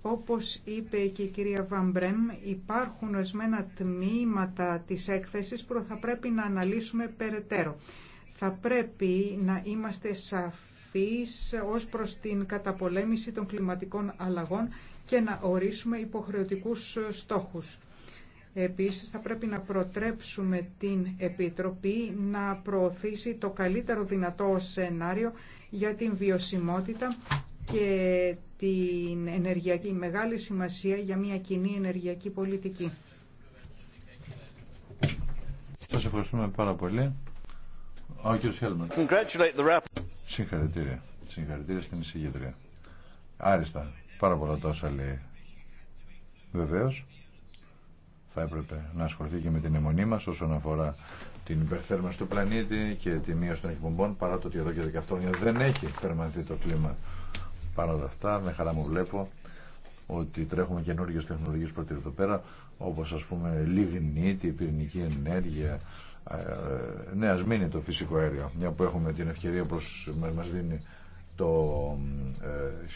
[SPEAKER 6] Όπως είπε και η κυρία Βαμπρέμ, υπάρχουν ορισμένα τμήματα της έκθεσης που θα πρέπει να αναλύσουμε περαιτέρω. Θα πρέπει να είμαστε σαφείς ως προς την καταπολέμηση των κλιματικών αλλαγών και να ορίσουμε υποχρεωτικούς στόχους. Επίσης θα πρέπει να προτρέψουμε την Επιτροπή να προωθήσει το καλύτερο δυνατό σενάριο για την βιωσιμότητα και την ενεργειακή μεγάλη σημασία για μια κοινή ενεργειακή πολιτική.
[SPEAKER 5] Σας ευχαριστούμε πάρα πολύ. Ο κ. Χέλμαν. Συγχαρητήρια. Συγχαρητήρια στην εισηγήτρια. Άριστα. Πάρα πολλά τόσα λέει. Βεβαίως θα έπρεπε να ασχοληθεί και με την αιμονή μα όσον αφορά την υπερθέρμανση του πλανήτη και τη μείωση των εκπομπών παρά το ότι εδώ και 17 χρόνια δεν έχει θερμανθεί το κλίμα. Παρά όλα αυτά, με χαρά μου βλέπω ότι τρέχουμε καινούργιε τεχνολογίε πρώτη εδώ πέρα, όπω α πούμε λιγνίτη, πυρηνική ενέργεια, ε, ε, ναι, α μείνει το φυσικό αέριο, μια που έχουμε την ευκαιρία που μα δίνει το ε,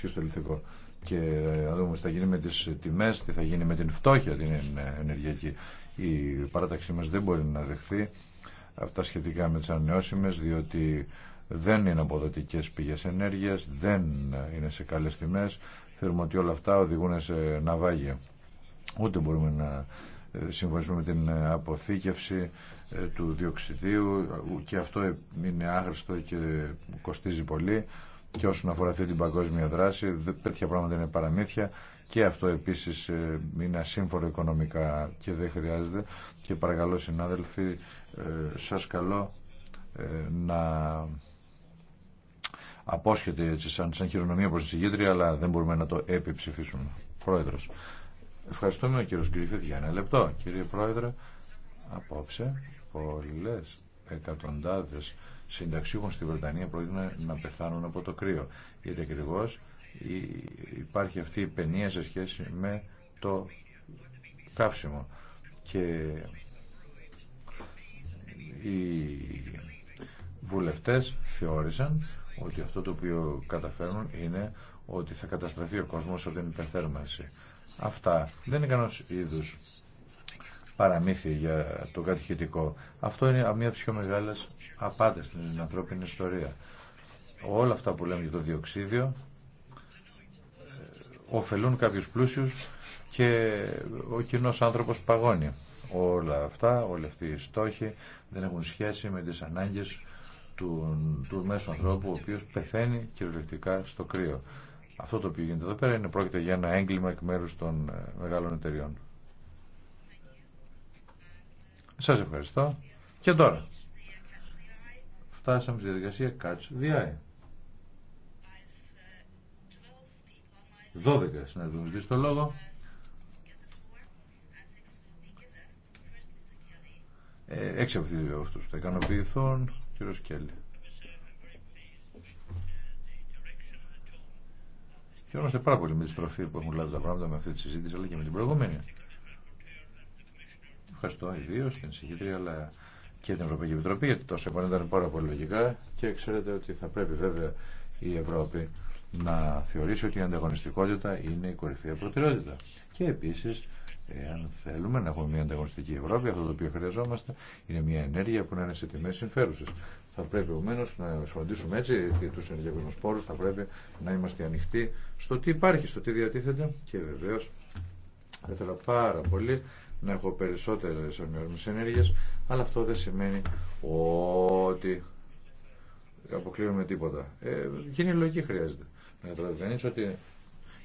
[SPEAKER 5] και να δούμε τι θα γίνει με τις τιμές, τι θα γίνει με την φτώχεια την ενεργειακή. Η παράταξή μας δεν μπορεί να δεχθεί αυτά σχετικά με τις ανανεώσιμες διότι δεν είναι αποδοτικές πηγές ενέργειας, δεν είναι σε καλές τιμές. Θεωρούμε ότι όλα αυτά οδηγούν σε ναυάγια. Ούτε μπορούμε να συμφωνήσουμε με την αποθήκευση ε, του διοξιδίου και αυτό είναι άγριστο και κοστίζει πολύ και όσον αφορά αυτή την παγκόσμια δράση, τέτοια πράγματα είναι παραμύθια και αυτό επίσης ε, είναι ασύμφορο οικονομικά και δεν χρειάζεται και παρακαλώ συνάδελφοι ε, σας καλώ ε, να απόσχετε, έτσι σαν, σαν χειρονομία προς τη συγκίτρια, αλλά δεν μπορούμε να το επιψηφίσουμε. Πρόεδρος. Ευχαριστούμε ο κύριος Γκρίφιτ για ένα λεπτό. Κύριε Πρόεδρε, απόψε πολλές εκατοντάδες συνταξιούχων στη Βρετανία πρόκειται να πεθάνουν από το κρύο. Γιατί ακριβώ υπάρχει αυτή η παινία σε σχέση με το καύσιμο. Και οι βουλευτές θεώρησαν ότι αυτό το οποίο καταφέρνουν είναι ότι θα καταστραφεί ο κόσμος από την υπερθέρμανση. Αυτά δεν είναι κανένας είδους παραμύθι για το κατηχητικό. Αυτό είναι μια από τι πιο μεγάλε απάτε στην ανθρώπινη ιστορία. Όλα αυτά που λέμε για το διοξίδιο ε, ωφελούν κάποιου πλούσιου και ο κοινό άνθρωπο παγώνει. Όλα αυτά, όλοι αυτοί οι στόχοι δεν έχουν σχέση με τι ανάγκε του, του μέσου ανθρώπου, ο οποίο πεθαίνει κυριολεκτικά στο κρύο. Αυτό το οποίο γίνεται εδώ πέρα είναι πρόκειται για ένα έγκλημα εκ μέρου των ε, μεγάλων εταιριών. Σας ευχαριστώ. Και τώρα. Φτάσαμε στη διαδικασία Catch the Eye. Δώδεκα συναντούν στο λόγο. Ε, έξι από αυτού θα ικανοποιηθούν. Κύριο Σκέλη. Χαίρομαστε πάρα πολύ με τη στροφή που έχουν λάβει τα πράγματα με αυτή τη συζήτηση αλλά και με την προηγούμενη. Ευχαριστώ ιδίω την συγκεντρία αλλά και την Ευρωπαϊκή Επιτροπή γιατί τόσο επόμενο ήταν πάρα πολύ λογικά και ξέρετε ότι θα πρέπει βέβαια η Ευρώπη να θεωρήσει ότι η ανταγωνιστικότητα είναι η κορυφαία προτεραιότητα. Και επίση, εάν θέλουμε να έχουμε μια ανταγωνιστική Ευρώπη, αυτό το οποίο χρειαζόμαστε είναι μια ενέργεια που να είναι σε τιμέ συμφέρουσε. Θα πρέπει ομένω να φροντίσουμε έτσι και του ενεργειακού μα πόρου, θα πρέπει να είμαστε ανοιχτοί στο τι υπάρχει, στο τι διατίθεται και βεβαίω θα ήθελα πάρα πολύ να έχω περισσότερες ομοιόμενες ενέργειες, αλλά αυτό δεν σημαίνει ότι αποκλείουμε τίποτα. Ε, γίνει λογική χρειάζεται. Να καταλάβει ότι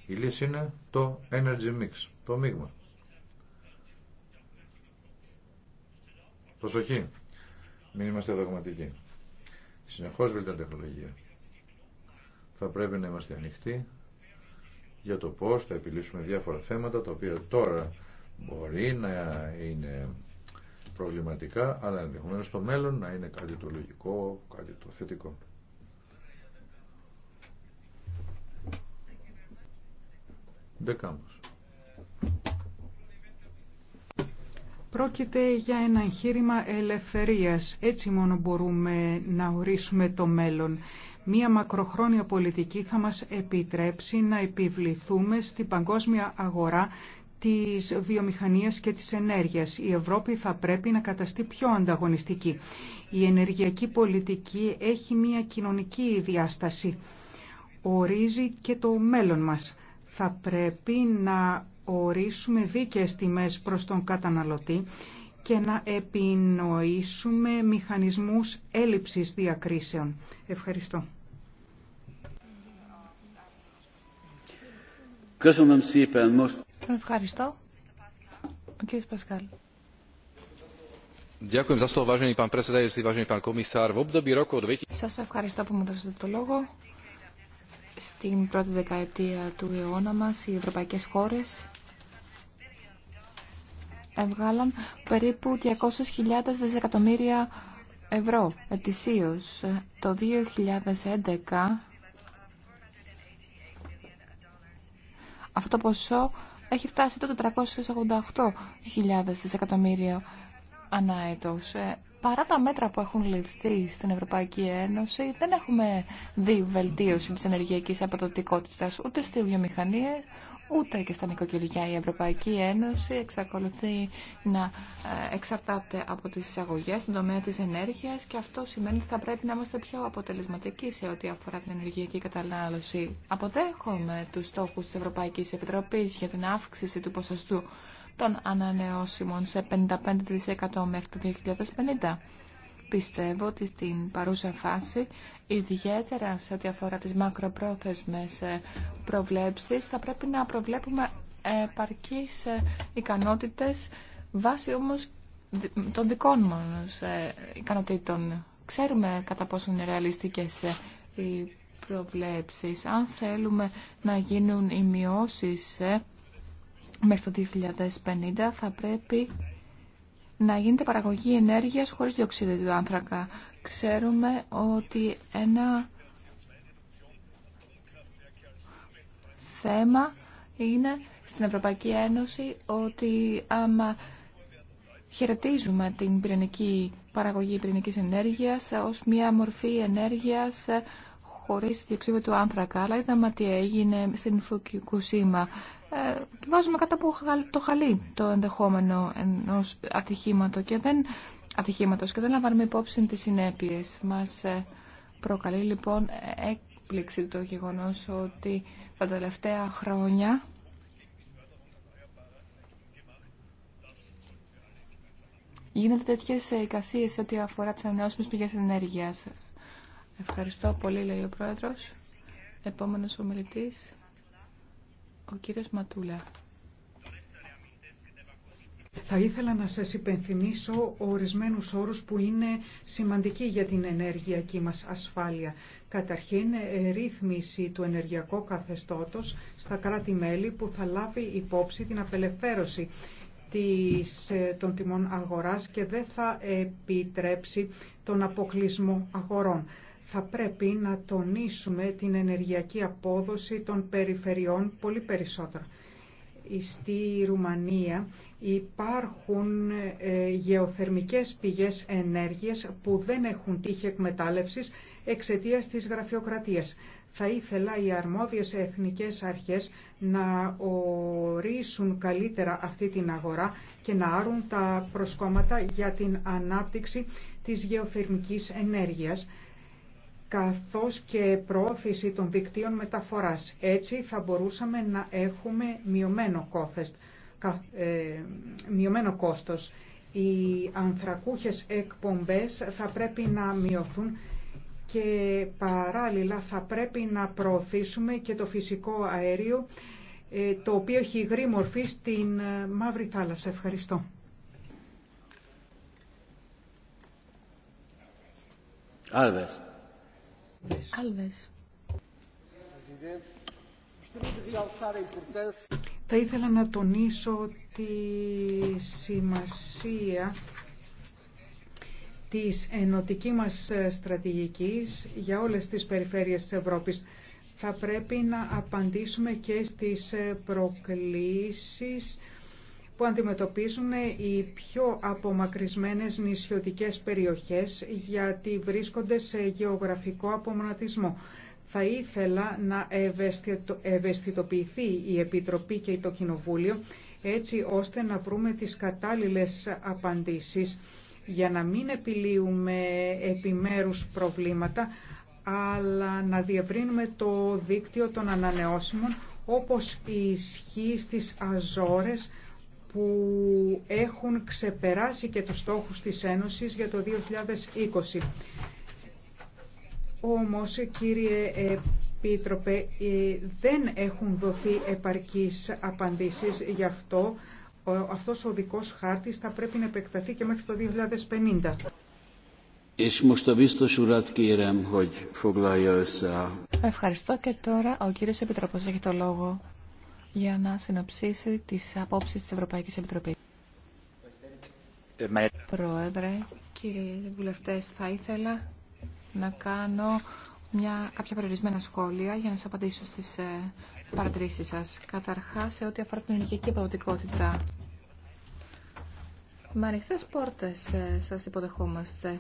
[SPEAKER 5] η λύση είναι το energy mix, το μείγμα. Προσοχή, μην είμαστε δογματικοί. Συνεχώς βρίσκεται τεχνολογία. Θα πρέπει να είμαστε ανοιχτοί για το πώς θα επιλύσουμε διάφορα θέματα τα οποία τώρα Μπορεί να είναι προβληματικά, αλλά ενδεχομένως στο μέλλον να είναι κάτι το λογικό, κάτι το θετικό.
[SPEAKER 6] Πρόκειται για ένα εγχείρημα ελευθερίας. Έτσι μόνο μπορούμε να ορίσουμε το μέλλον. Μία μακροχρόνια πολιτική θα μας επιτρέψει να επιβληθούμε στην παγκόσμια αγορά της βιομηχανίας και της ενέργειας. Η Ευρώπη θα πρέπει να καταστεί πιο ανταγωνιστική. Η ενεργειακή πολιτική έχει μια κοινωνική διάσταση. Ορίζει και το μέλλον μας. Θα πρέπει να ορίσουμε δίκαιες τιμές προς τον καταναλωτή και να επινοήσουμε μηχανισμούς έλλειψης διακρίσεων. Ευχαριστώ.
[SPEAKER 1] Köszönöm szépen
[SPEAKER 4] τον ευχαριστώ. Ο κύριος Πασκάλ. Σας ευχαριστώ που μου δώσατε το λόγο. Στην πρώτη δεκαετία του αιώνα μας οι ευρωπαϊκές χώρες έβγαλαν περίπου 200.000 δισεκατομμύρια ευρώ ετησίως. Το 2011 αυτό το ποσό έχει φτάσει το 488.000 δισεκατομμύρια ανά έτος. Ε, παρά τα μέτρα που έχουν ληφθεί στην Ευρωπαϊκή Ένωση, δεν έχουμε δει βελτίωση της ενεργειακής αποδοτικότητας ούτε στη βιομηχανία, ούτε και στα νοικοκυριά. Η Ευρωπαϊκή Ένωση εξακολουθεί να ε, εξαρτάται από τις εισαγωγές στον τομέα της ενέργειας και αυτό σημαίνει ότι θα πρέπει να είμαστε πιο αποτελεσματικοί σε ό,τι αφορά την ενεργειακή κατανάλωση. Αποδέχομαι τους στόχους της Ευρωπαϊκής Επιτροπής για την αύξηση του ποσοστού των ανανεώσιμων σε 55% μέχρι το 2050. Πιστεύω ότι στην παρούσα φάση ιδιαίτερα σε ό,τι αφορά τις μακροπρόθεσμες ε, προβλέψεις, θα πρέπει να προβλέπουμε επαρκείς ε, ικανότητες βάσει όμως των δικών μας ε, ικανοτήτων. Ξέρουμε κατά πόσο είναι ρεαλιστικές οι προβλέψεις. Αν θέλουμε να γίνουν οι μειώσεις μέχρι το 2050, θα πρέπει να γίνεται παραγωγή ενέργειας χωρίς διοξείδιο του άνθρακα Ξέρουμε ότι ένα θέμα είναι στην Ευρωπαϊκή Ένωση ότι άμα χαιρετίζουμε την πυρηνική παραγωγή πυρηνικής ενέργειας ως μια μορφή ενέργειας χωρίς διοξείδιο του άνθρακα, αλλά είδαμε τι έγινε στην Φουκουσίμα. Ε, βάζουμε κάτω από το χαλί το ενδεχόμενο ενός ατυχήματο και δεν ατυχήματος και δεν λαμβάνουμε υπόψη τις συνέπειες. Μας ε, προκαλεί λοιπόν έκπληξη το γεγονός ότι τα τελευταία χρόνια Γίνονται τέτοιες εικασίες ό,τι αφορά τις ανανεώσιμες πηγές ενέργειας. Ευχαριστώ πολύ, λέει ο Πρόεδρος. Επόμενος ομιλητής, ο κύριος Ματούλα.
[SPEAKER 6] Θα ήθελα να σας υπενθυμίσω ορισμένους όρους που είναι σημαντικοί για την ενεργειακή μας ασφάλεια. Καταρχήν, ε, ρύθμιση του ενεργειακού καθεστώτος στα κράτη-μέλη που θα λάβει υπόψη την απελευθέρωση της, ε, των τιμών αγοράς και δεν θα επιτρέψει τον αποκλεισμό αγορών. Θα πρέπει να τονίσουμε την ενεργειακή απόδοση των περιφερειών πολύ περισσότερο στη Ρουμανία υπάρχουν ε, γεωθερμικές πηγές ενέργειας που δεν έχουν τύχη εκμετάλλευσης εξαιτίας της γραφειοκρατίας. Θα ήθελα οι αρμόδιες εθνικές αρχές να ορίσουν καλύτερα αυτή την αγορά και να άρουν τα προσκόμματα για την ανάπτυξη της γεωθερμικής ενέργειας καθώς και προώθηση των δικτύων μεταφοράς. Έτσι θα μπορούσαμε να έχουμε μειωμένο, ε, κόστος. Οι ανθρακούχες εκπομπές θα πρέπει να μειωθούν και παράλληλα θα πρέπει να προωθήσουμε και το φυσικό αέριο ε, το οποίο έχει υγρή μορφή στην ε, Μαύρη Θάλασσα. Ευχαριστώ. Άλβες. Θα ήθελα να τονίσω τη σημασία της ενωτική μας στρατηγικής για όλες τις περιφέρειες της Ευρώπης. Θα πρέπει να απαντήσουμε και στις προκλήσεις που αντιμετωπίζουν οι πιο απομακρυσμένες νησιωτικές περιοχές γιατί βρίσκονται σε γεωγραφικό απομονατισμό. Θα ήθελα να ευαισθητοποιηθεί η Επιτροπή και το Κοινοβούλιο έτσι ώστε να βρούμε τις κατάλληλες απαντήσεις για να μην επιλύουμε επιμέρους προβλήματα αλλά να διευρύνουμε το δίκτυο των ανανεώσιμων όπως ισχύει στις Αζόρες που έχουν ξεπεράσει και τους στόχους της Ένωσης για το 2020. Όμως, κύριε Επίτροπε, ε, δεν έχουν δοθεί επαρκείς απαντήσεις γι' αυτό. Αυτός ο δικός χάρτης θα πρέπει να επεκταθεί και μέχρι το 2050.
[SPEAKER 4] Ευχαριστώ και τώρα ο κύριος Επιτροπός έχει το λόγο για να συνοψίσει τις απόψεις της Ευρωπαϊκής Επιτροπής. Πρόεδρε, Κύριε βουλευτές, θα ήθελα να κάνω μια, κάποια περιορισμένα σχόλια για να σας απαντήσω στις ε, παρατηρήσεις σας. Καταρχάς, σε ό,τι αφορά την ηλικιακή αποδοτικότητα. Με ανοιχτέ πόρτες ε, σας υποδεχόμαστε.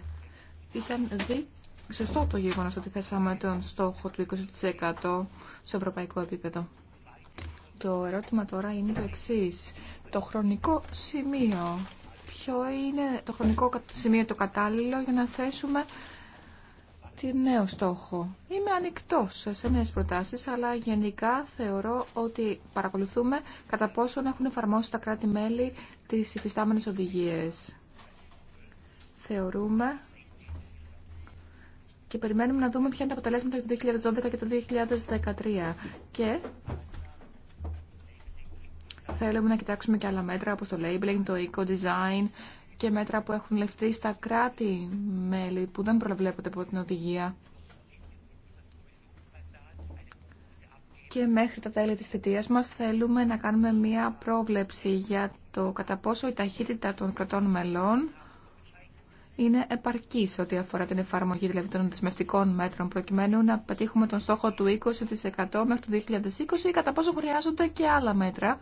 [SPEAKER 4] Ήταν δι... σωστό το γεγονός ότι θέσαμε τον στόχο του 20% σε ευρωπαϊκό επίπεδο. Το ερώτημα τώρα είναι το εξής. Το χρονικό σημείο. Ποιο είναι το χρονικό σημείο το κατάλληλο για να θέσουμε τη νέο στόχο. Είμαι ανοιχτός σε νέε προτάσεις, αλλά γενικά θεωρώ ότι παρακολουθούμε κατά πόσον έχουν εφαρμόσει τα κράτη-μέλη τις υφιστάμενες οδηγίες. Θεωρούμε και περιμένουμε να δούμε ποια είναι τα αποτελέσματα για το 2012 και το 2013. Και Θέλουμε να κοιτάξουμε και άλλα μέτρα όπως το labeling, το eco-design και μέτρα που έχουν λεφτεί στα κράτη-μέλη που δεν προβλέπονται από την οδηγία. Και μέχρι τα τέλη της θητείας μας θέλουμε να κάνουμε μία πρόβλεψη για το κατά πόσο η ταχύτητα των κρατών μελών είναι επαρκή σε ό,τι αφορά την εφαρμογή δηλαδή των δεσμευτικών μέτρων προκειμένου να πετύχουμε τον στόχο του 20% μέχρι το 2020 ή κατά πόσο χρειάζονται και άλλα μέτρα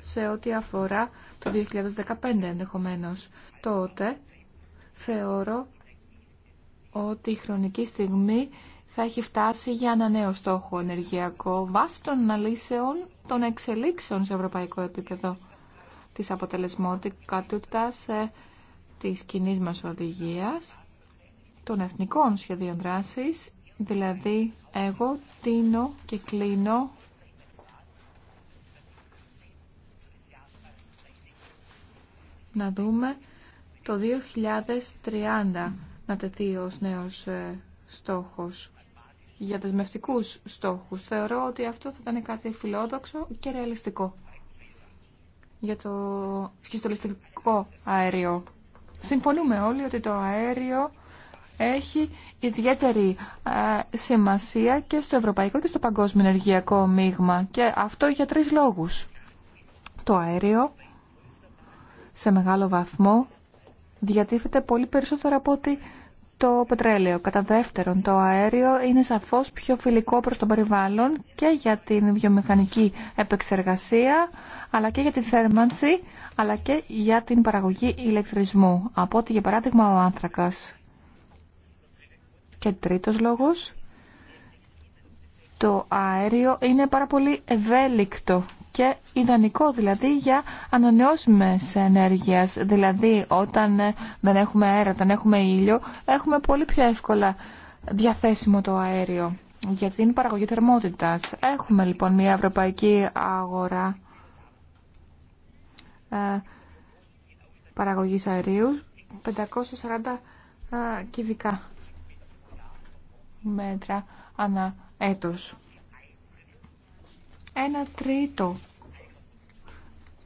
[SPEAKER 4] σε ό,τι αφορά το 2015 ενδεχομένως. Τότε θεωρώ ότι η χρονική στιγμή θα έχει φτάσει για ένα νέο στόχο ενεργειακό βάσει των αναλύσεων των εξελίξεων σε ευρωπαϊκό επίπεδο της αποτελεσμότητας ε, της κοινή μας οδηγίας των εθνικών σχεδίων δράσης δηλαδή εγώ τίνω και κλείνω να δούμε το 2030 να τεθεί ως νέος ε, στόχος για δεσμευτικούς στόχους. Θεωρώ ότι αυτό θα ήταν κάτι φιλόδοξο και ρεαλιστικό για το σχιστολιστικό αέριο. Συμφωνούμε όλοι ότι το αέριο έχει ιδιαίτερη ε, σημασία και στο ευρωπαϊκό και στο παγκόσμιο ενεργειακό μείγμα και αυτό για τρεις λόγους. Το αέριο σε μεγάλο βαθμό διατίθεται πολύ περισσότερο από ότι το πετρέλαιο. Κατά δεύτερον, το αέριο είναι σαφώς πιο φιλικό προς το περιβάλλον και για την βιομηχανική επεξεργασία, αλλά και για τη θέρμανση, αλλά και για την παραγωγή ηλεκτρισμού, από ότι για παράδειγμα ο άνθρακας. Και τρίτος λόγος, το αέριο είναι πάρα πολύ ευέλικτο και ιδανικό δηλαδή για ανανεώσιμες ενέργειες. Δηλαδή όταν δεν έχουμε αέρα, δεν έχουμε ήλιο, έχουμε πολύ πιο εύκολα διαθέσιμο το αέριο για την παραγωγή θερμότητας. Έχουμε λοιπόν μια ευρωπαϊκή αγορά ε, παραγωγής αερίου 540 ε, κυβικά μέτρα ανά έτος ένα τρίτο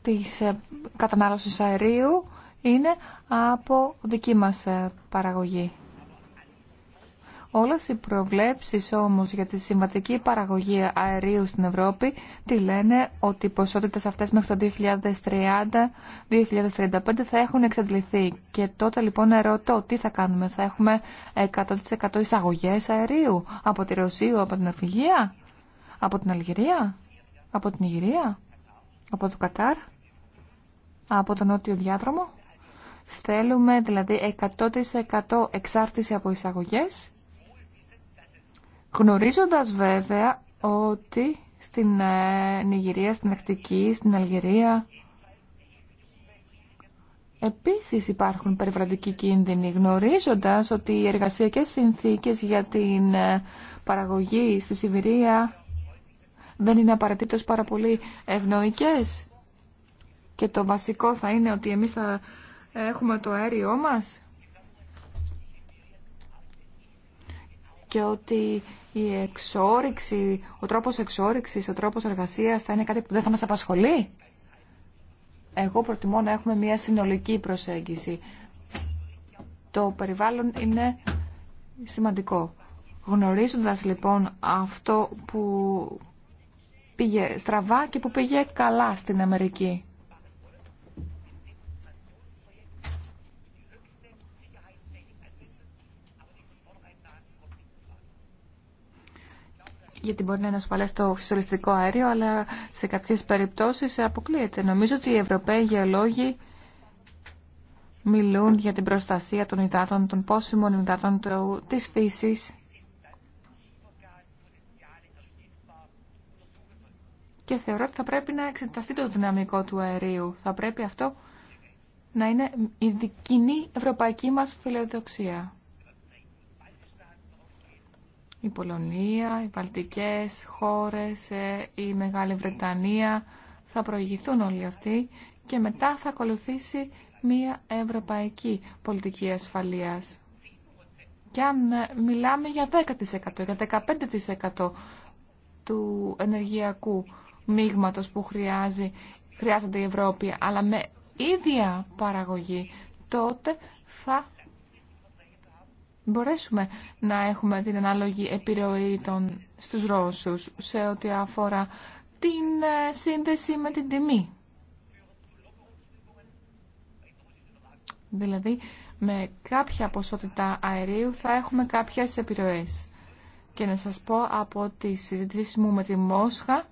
[SPEAKER 4] της ε, κατανάλωσης αερίου είναι από δική μας ε, παραγωγή. Όλες οι προβλέψεις όμως για τη συμβατική παραγωγή αερίου στην Ευρώπη τι λένε ότι οι ποσότητες αυτές μέχρι το 2030-2035 θα έχουν εξαντληθεί. Και τότε λοιπόν ερωτώ τι θα κάνουμε. Θα έχουμε 100% εισαγωγές αερίου από τη Ρωσία, από την Αφηγία, από την Αλγερία. Από την Ιγυρία, από το Κατάρ, από τον νότιο διάδρομο. Θέλουμε δηλαδή 100% εξάρτηση από εισαγωγές, γνωρίζοντας βέβαια ότι στην ε, Νιγηρία, στην Ακτική, στην Αλγερία επίσης υπάρχουν περιβαλλοντικοί κίνδυνοι, γνωρίζοντας ότι οι εργασιακές συνθήκες για την ε, παραγωγή στη Σιβηρία δεν είναι απαραίτητο πάρα πολύ ευνοϊκές. Και το βασικό θα είναι ότι εμείς θα έχουμε το αέριό μας και ότι η εξόριξη, ο τρόπος εξόριξης, ο τρόπος εργασίας θα είναι κάτι που δεν θα μας απασχολεί. Εγώ προτιμώ να έχουμε μια συνολική προσέγγιση. Το περιβάλλον είναι σημαντικό. Γνωρίζοντας λοιπόν αυτό που πήγε στραβά και που πήγε καλά στην Αμερική. γιατί μπορεί να είναι ασφαλές το φυσιολογικό αέριο, αλλά σε κάποιες περιπτώσεις αποκλείεται. Νομίζω ότι οι Ευρωπαίοι γεωλόγοι μιλούν για την προστασία των υδάτων, των πόσιμων υδάτων της φύσης και θεωρώ ότι θα πρέπει να εξεταστεί το δυναμικό του αερίου. Θα πρέπει αυτό να είναι η κοινή ευρωπαϊκή μας φιλοδοξία. Η Πολωνία, οι Βαλτικές χώρες, ε, η Μεγάλη Βρετανία θα προηγηθούν όλοι αυτοί και μετά θα ακολουθήσει μια ευρωπαϊκή πολιτική ασφαλείας. Και αν ε, μιλάμε για 10%, για 15% του ενεργειακού μείγματος που χρειάζεται η Ευρώπη, αλλά με ίδια παραγωγή, τότε θα μπορέσουμε να έχουμε την ανάλογη επιρροή των, στους Ρώσους σε ό,τι αφορά την ε, σύνδεση με την τιμή. Δηλαδή, με κάποια ποσότητα αερίου θα έχουμε κάποιες επιρροές. Και να σας πω από τη συζητήσεις μου με τη Μόσχα,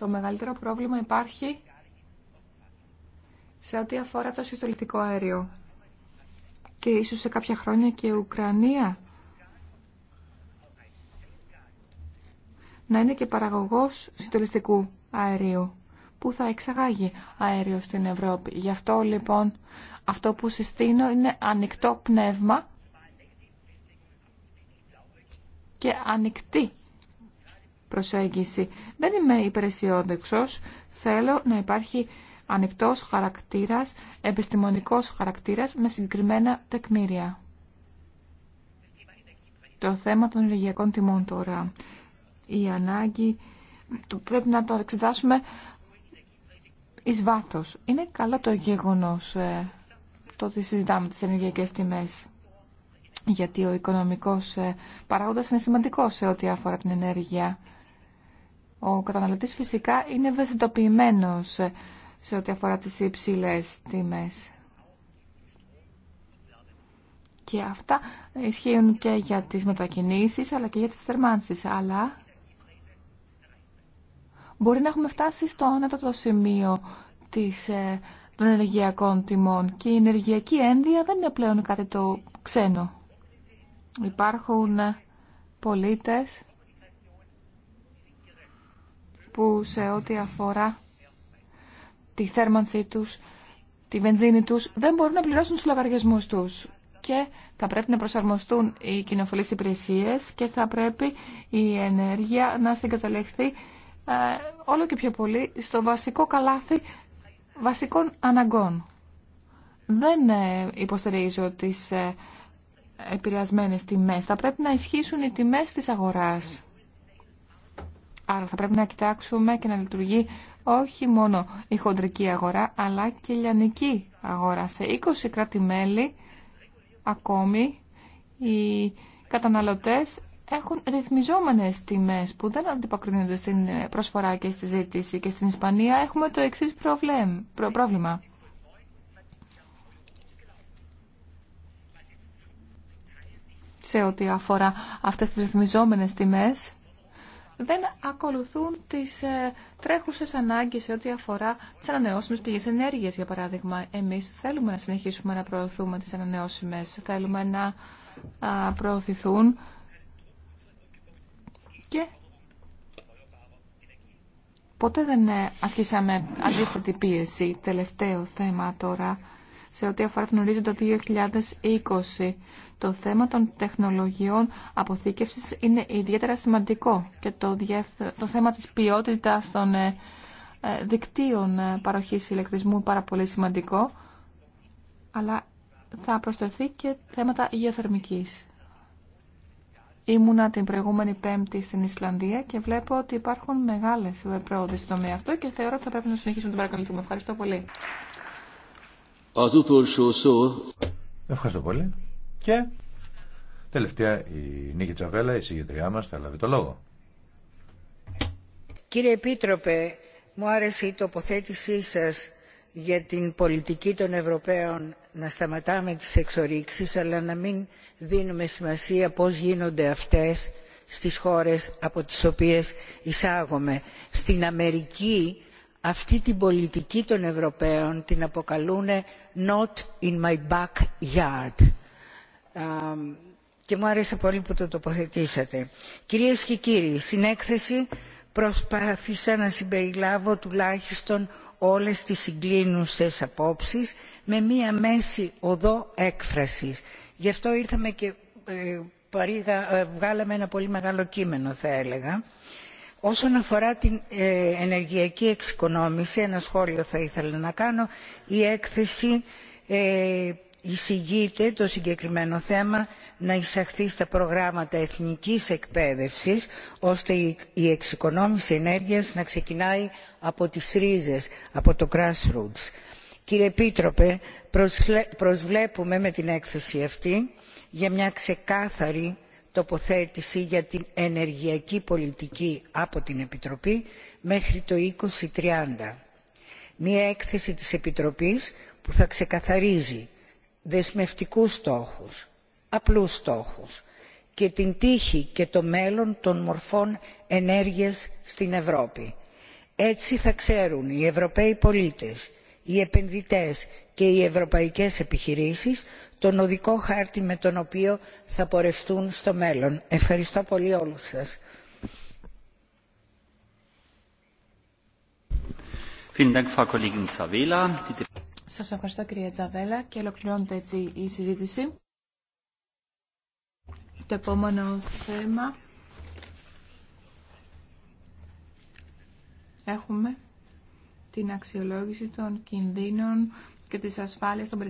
[SPEAKER 4] το μεγαλύτερο πρόβλημα υπάρχει σε ό,τι αφορά το συστολιστικό αέριο. Και ίσως σε κάποια χρόνια και η Ουκρανία να είναι και παραγωγός συστολιστικού αερίου που θα εξαγάγει αέριο στην Ευρώπη. Γι' αυτό λοιπόν αυτό που συστήνω είναι ανοιχτό πνεύμα και ανοιχτή προσέγγιση. Δεν είμαι υπεραισιόδεξος. Θέλω να υπάρχει ανοιχτός χαρακτήρας, επιστημονικός χαρακτήρας με συγκεκριμένα τεκμήρια. Το θέμα των ενεργειακών τιμών τώρα. Η ανάγκη του πρέπει να το εξετάσουμε εις βάθος. Είναι καλό το γεγονός ε, το ότι συζητάμε τις ενεργειακές τιμές. Γιατί ο οικονομικός ε, παράγοντας είναι σημαντικός σε ό,τι αφορά την ενέργεια. Ο καταναλωτής φυσικά είναι ευαισθητοποιημένος σε ό,τι αφορά τις υψηλές τιμές. Και αυτά ισχύουν και για τις μετακινήσεις αλλά και για τις θερμάνσεις. Αλλά μπορεί να έχουμε φτάσει στο άνατο σημείο της, ε, των ενεργειακών τιμών και η ενεργειακή ένδυα δεν είναι πλέον κάτι το ξένο. Υπάρχουν πολίτες που σε ό,τι αφορά τη θέρμανσή τους, τη βενζίνη τους, δεν μπορούν να πληρώσουν τους λογαριασμούς τους. Και θα πρέπει να προσαρμοστούν οι κοινοφιλείς υπηρεσίε και θα πρέπει η ενέργεια να συγκαταλεχθεί ε, όλο και πιο πολύ στο βασικό καλάθι βασικών αναγκών. Δεν ε, υποστηρίζω τις ε, επηρεασμένες τιμές. Θα πρέπει να ισχύσουν οι τιμές της αγοράς. Άρα θα πρέπει να κοιτάξουμε και να λειτουργεί όχι μόνο η χοντρική αγορά, αλλά και η λιανική αγορά. Σε 20 κράτη-μέλη ακόμη οι καταναλωτές έχουν ρυθμιζόμενες τιμές που δεν αντιπακρίνονται στην προσφορά και στη ζήτηση και στην Ισπανία έχουμε το εξής πρόβλημα. Σε ό,τι αφορά αυτές τις ρυθμιζόμενες τιμές δεν ακολουθούν τις ε, τρέχουσες ανάγκες σε ό,τι αφορά τις ανανεώσιμες πηγές ενέργειας, για παράδειγμα. Εμείς θέλουμε να συνεχίσουμε να προωθούμε τις ανανεώσιμες, θέλουμε να προωθηθούν και ποτέ δεν ε, ασκήσαμε αντίθετη πίεση. Τελευταίο θέμα τώρα σε ό,τι αφορά τον ορίζοντα 2020. Το θέμα των τεχνολογιών αποθήκευσης είναι ιδιαίτερα σημαντικό και το, το θέμα της ποιότητας των ε, ε, δικτύων ε, παροχής ηλεκτρισμού πάρα πολύ σημαντικό, αλλά θα προσθεθεί και θέματα υγειοθερμικής. Ήμουνα την προηγούμενη Πέμπτη στην Ισλανδία και βλέπω ότι υπάρχουν μεγάλες πρόοδε στον τομέα αυτό και θεωρώ ότι θα πρέπει να συνεχίσουμε να τον παρακολουθούμε. Ευχαριστώ πολύ.
[SPEAKER 5] Ευχαριστώ πολύ. Και τελευταία η Νίκη Τσαβέλα, η συγγετριά μας, θα λάβει το λόγο.
[SPEAKER 2] Κύριε Επίτροπε, μου άρεσε η τοποθέτησή σας για την πολιτική των Ευρωπαίων να σταματάμε τις εξορίξεις αλλά να μην δίνουμε σημασία πώς γίνονται αυτές στις χώρες από τις οποίες εισάγουμε. Στην Αμερική αυτή την πολιτική των Ευρωπαίων την αποκαλούν «not in my backyard». Και μου άρεσε πολύ που το τοποθετήσατε. Κυρίες και κύριοι, στην έκθεση προσπάθησα να συμπεριλάβω τουλάχιστον όλες τις συγκλίνουσες απόψεις με μία μέση οδό έκφρασης. Γι' αυτό ήρθαμε και ε, ε, βγάλαμε ένα πολύ μεγάλο κείμενο θα έλεγα Όσον αφορά την ε, ενεργειακή εξοικονόμηση, ένα σχόλιο θα ήθελα να κάνω. Η έκθεση ε, εισηγείται το συγκεκριμένο θέμα να εισαχθεί στα προγράμματα εθνικής εκπαίδευσης ώστε η εξοικονόμηση ενέργειας να ξεκινάει από τις ρίζες, από το grassroots. Κύριε Επίτροπε, προσβλέπουμε με την έκθεση αυτή για μια ξεκάθαρη τοποθέτηση για την ενεργειακή πολιτική από την Επιτροπή μέχρι το 2030. Μία έκθεση της Επιτροπής που θα ξεκαθαρίζει δεσμευτικούς στόχους, απλούς στόχους και την τύχη και το μέλλον των μορφών ενέργειας στην Ευρώπη. Έτσι θα ξέρουν οι Ευρωπαίοι πολίτες, οι επενδυτές και οι ευρωπαϊκές επιχειρήσεις τον οδικό χάρτη με τον οποίο θα πορευτούν στο μέλλον. Ευχαριστώ πολύ όλους σας.
[SPEAKER 4] Σας ευχαριστώ κυρία Τζαβέλα και ολοκληρώνεται έτσι η συζήτηση. Το επόμενο θέμα έχουμε την αξιολόγηση των κινδύνων και της ασφάλειας των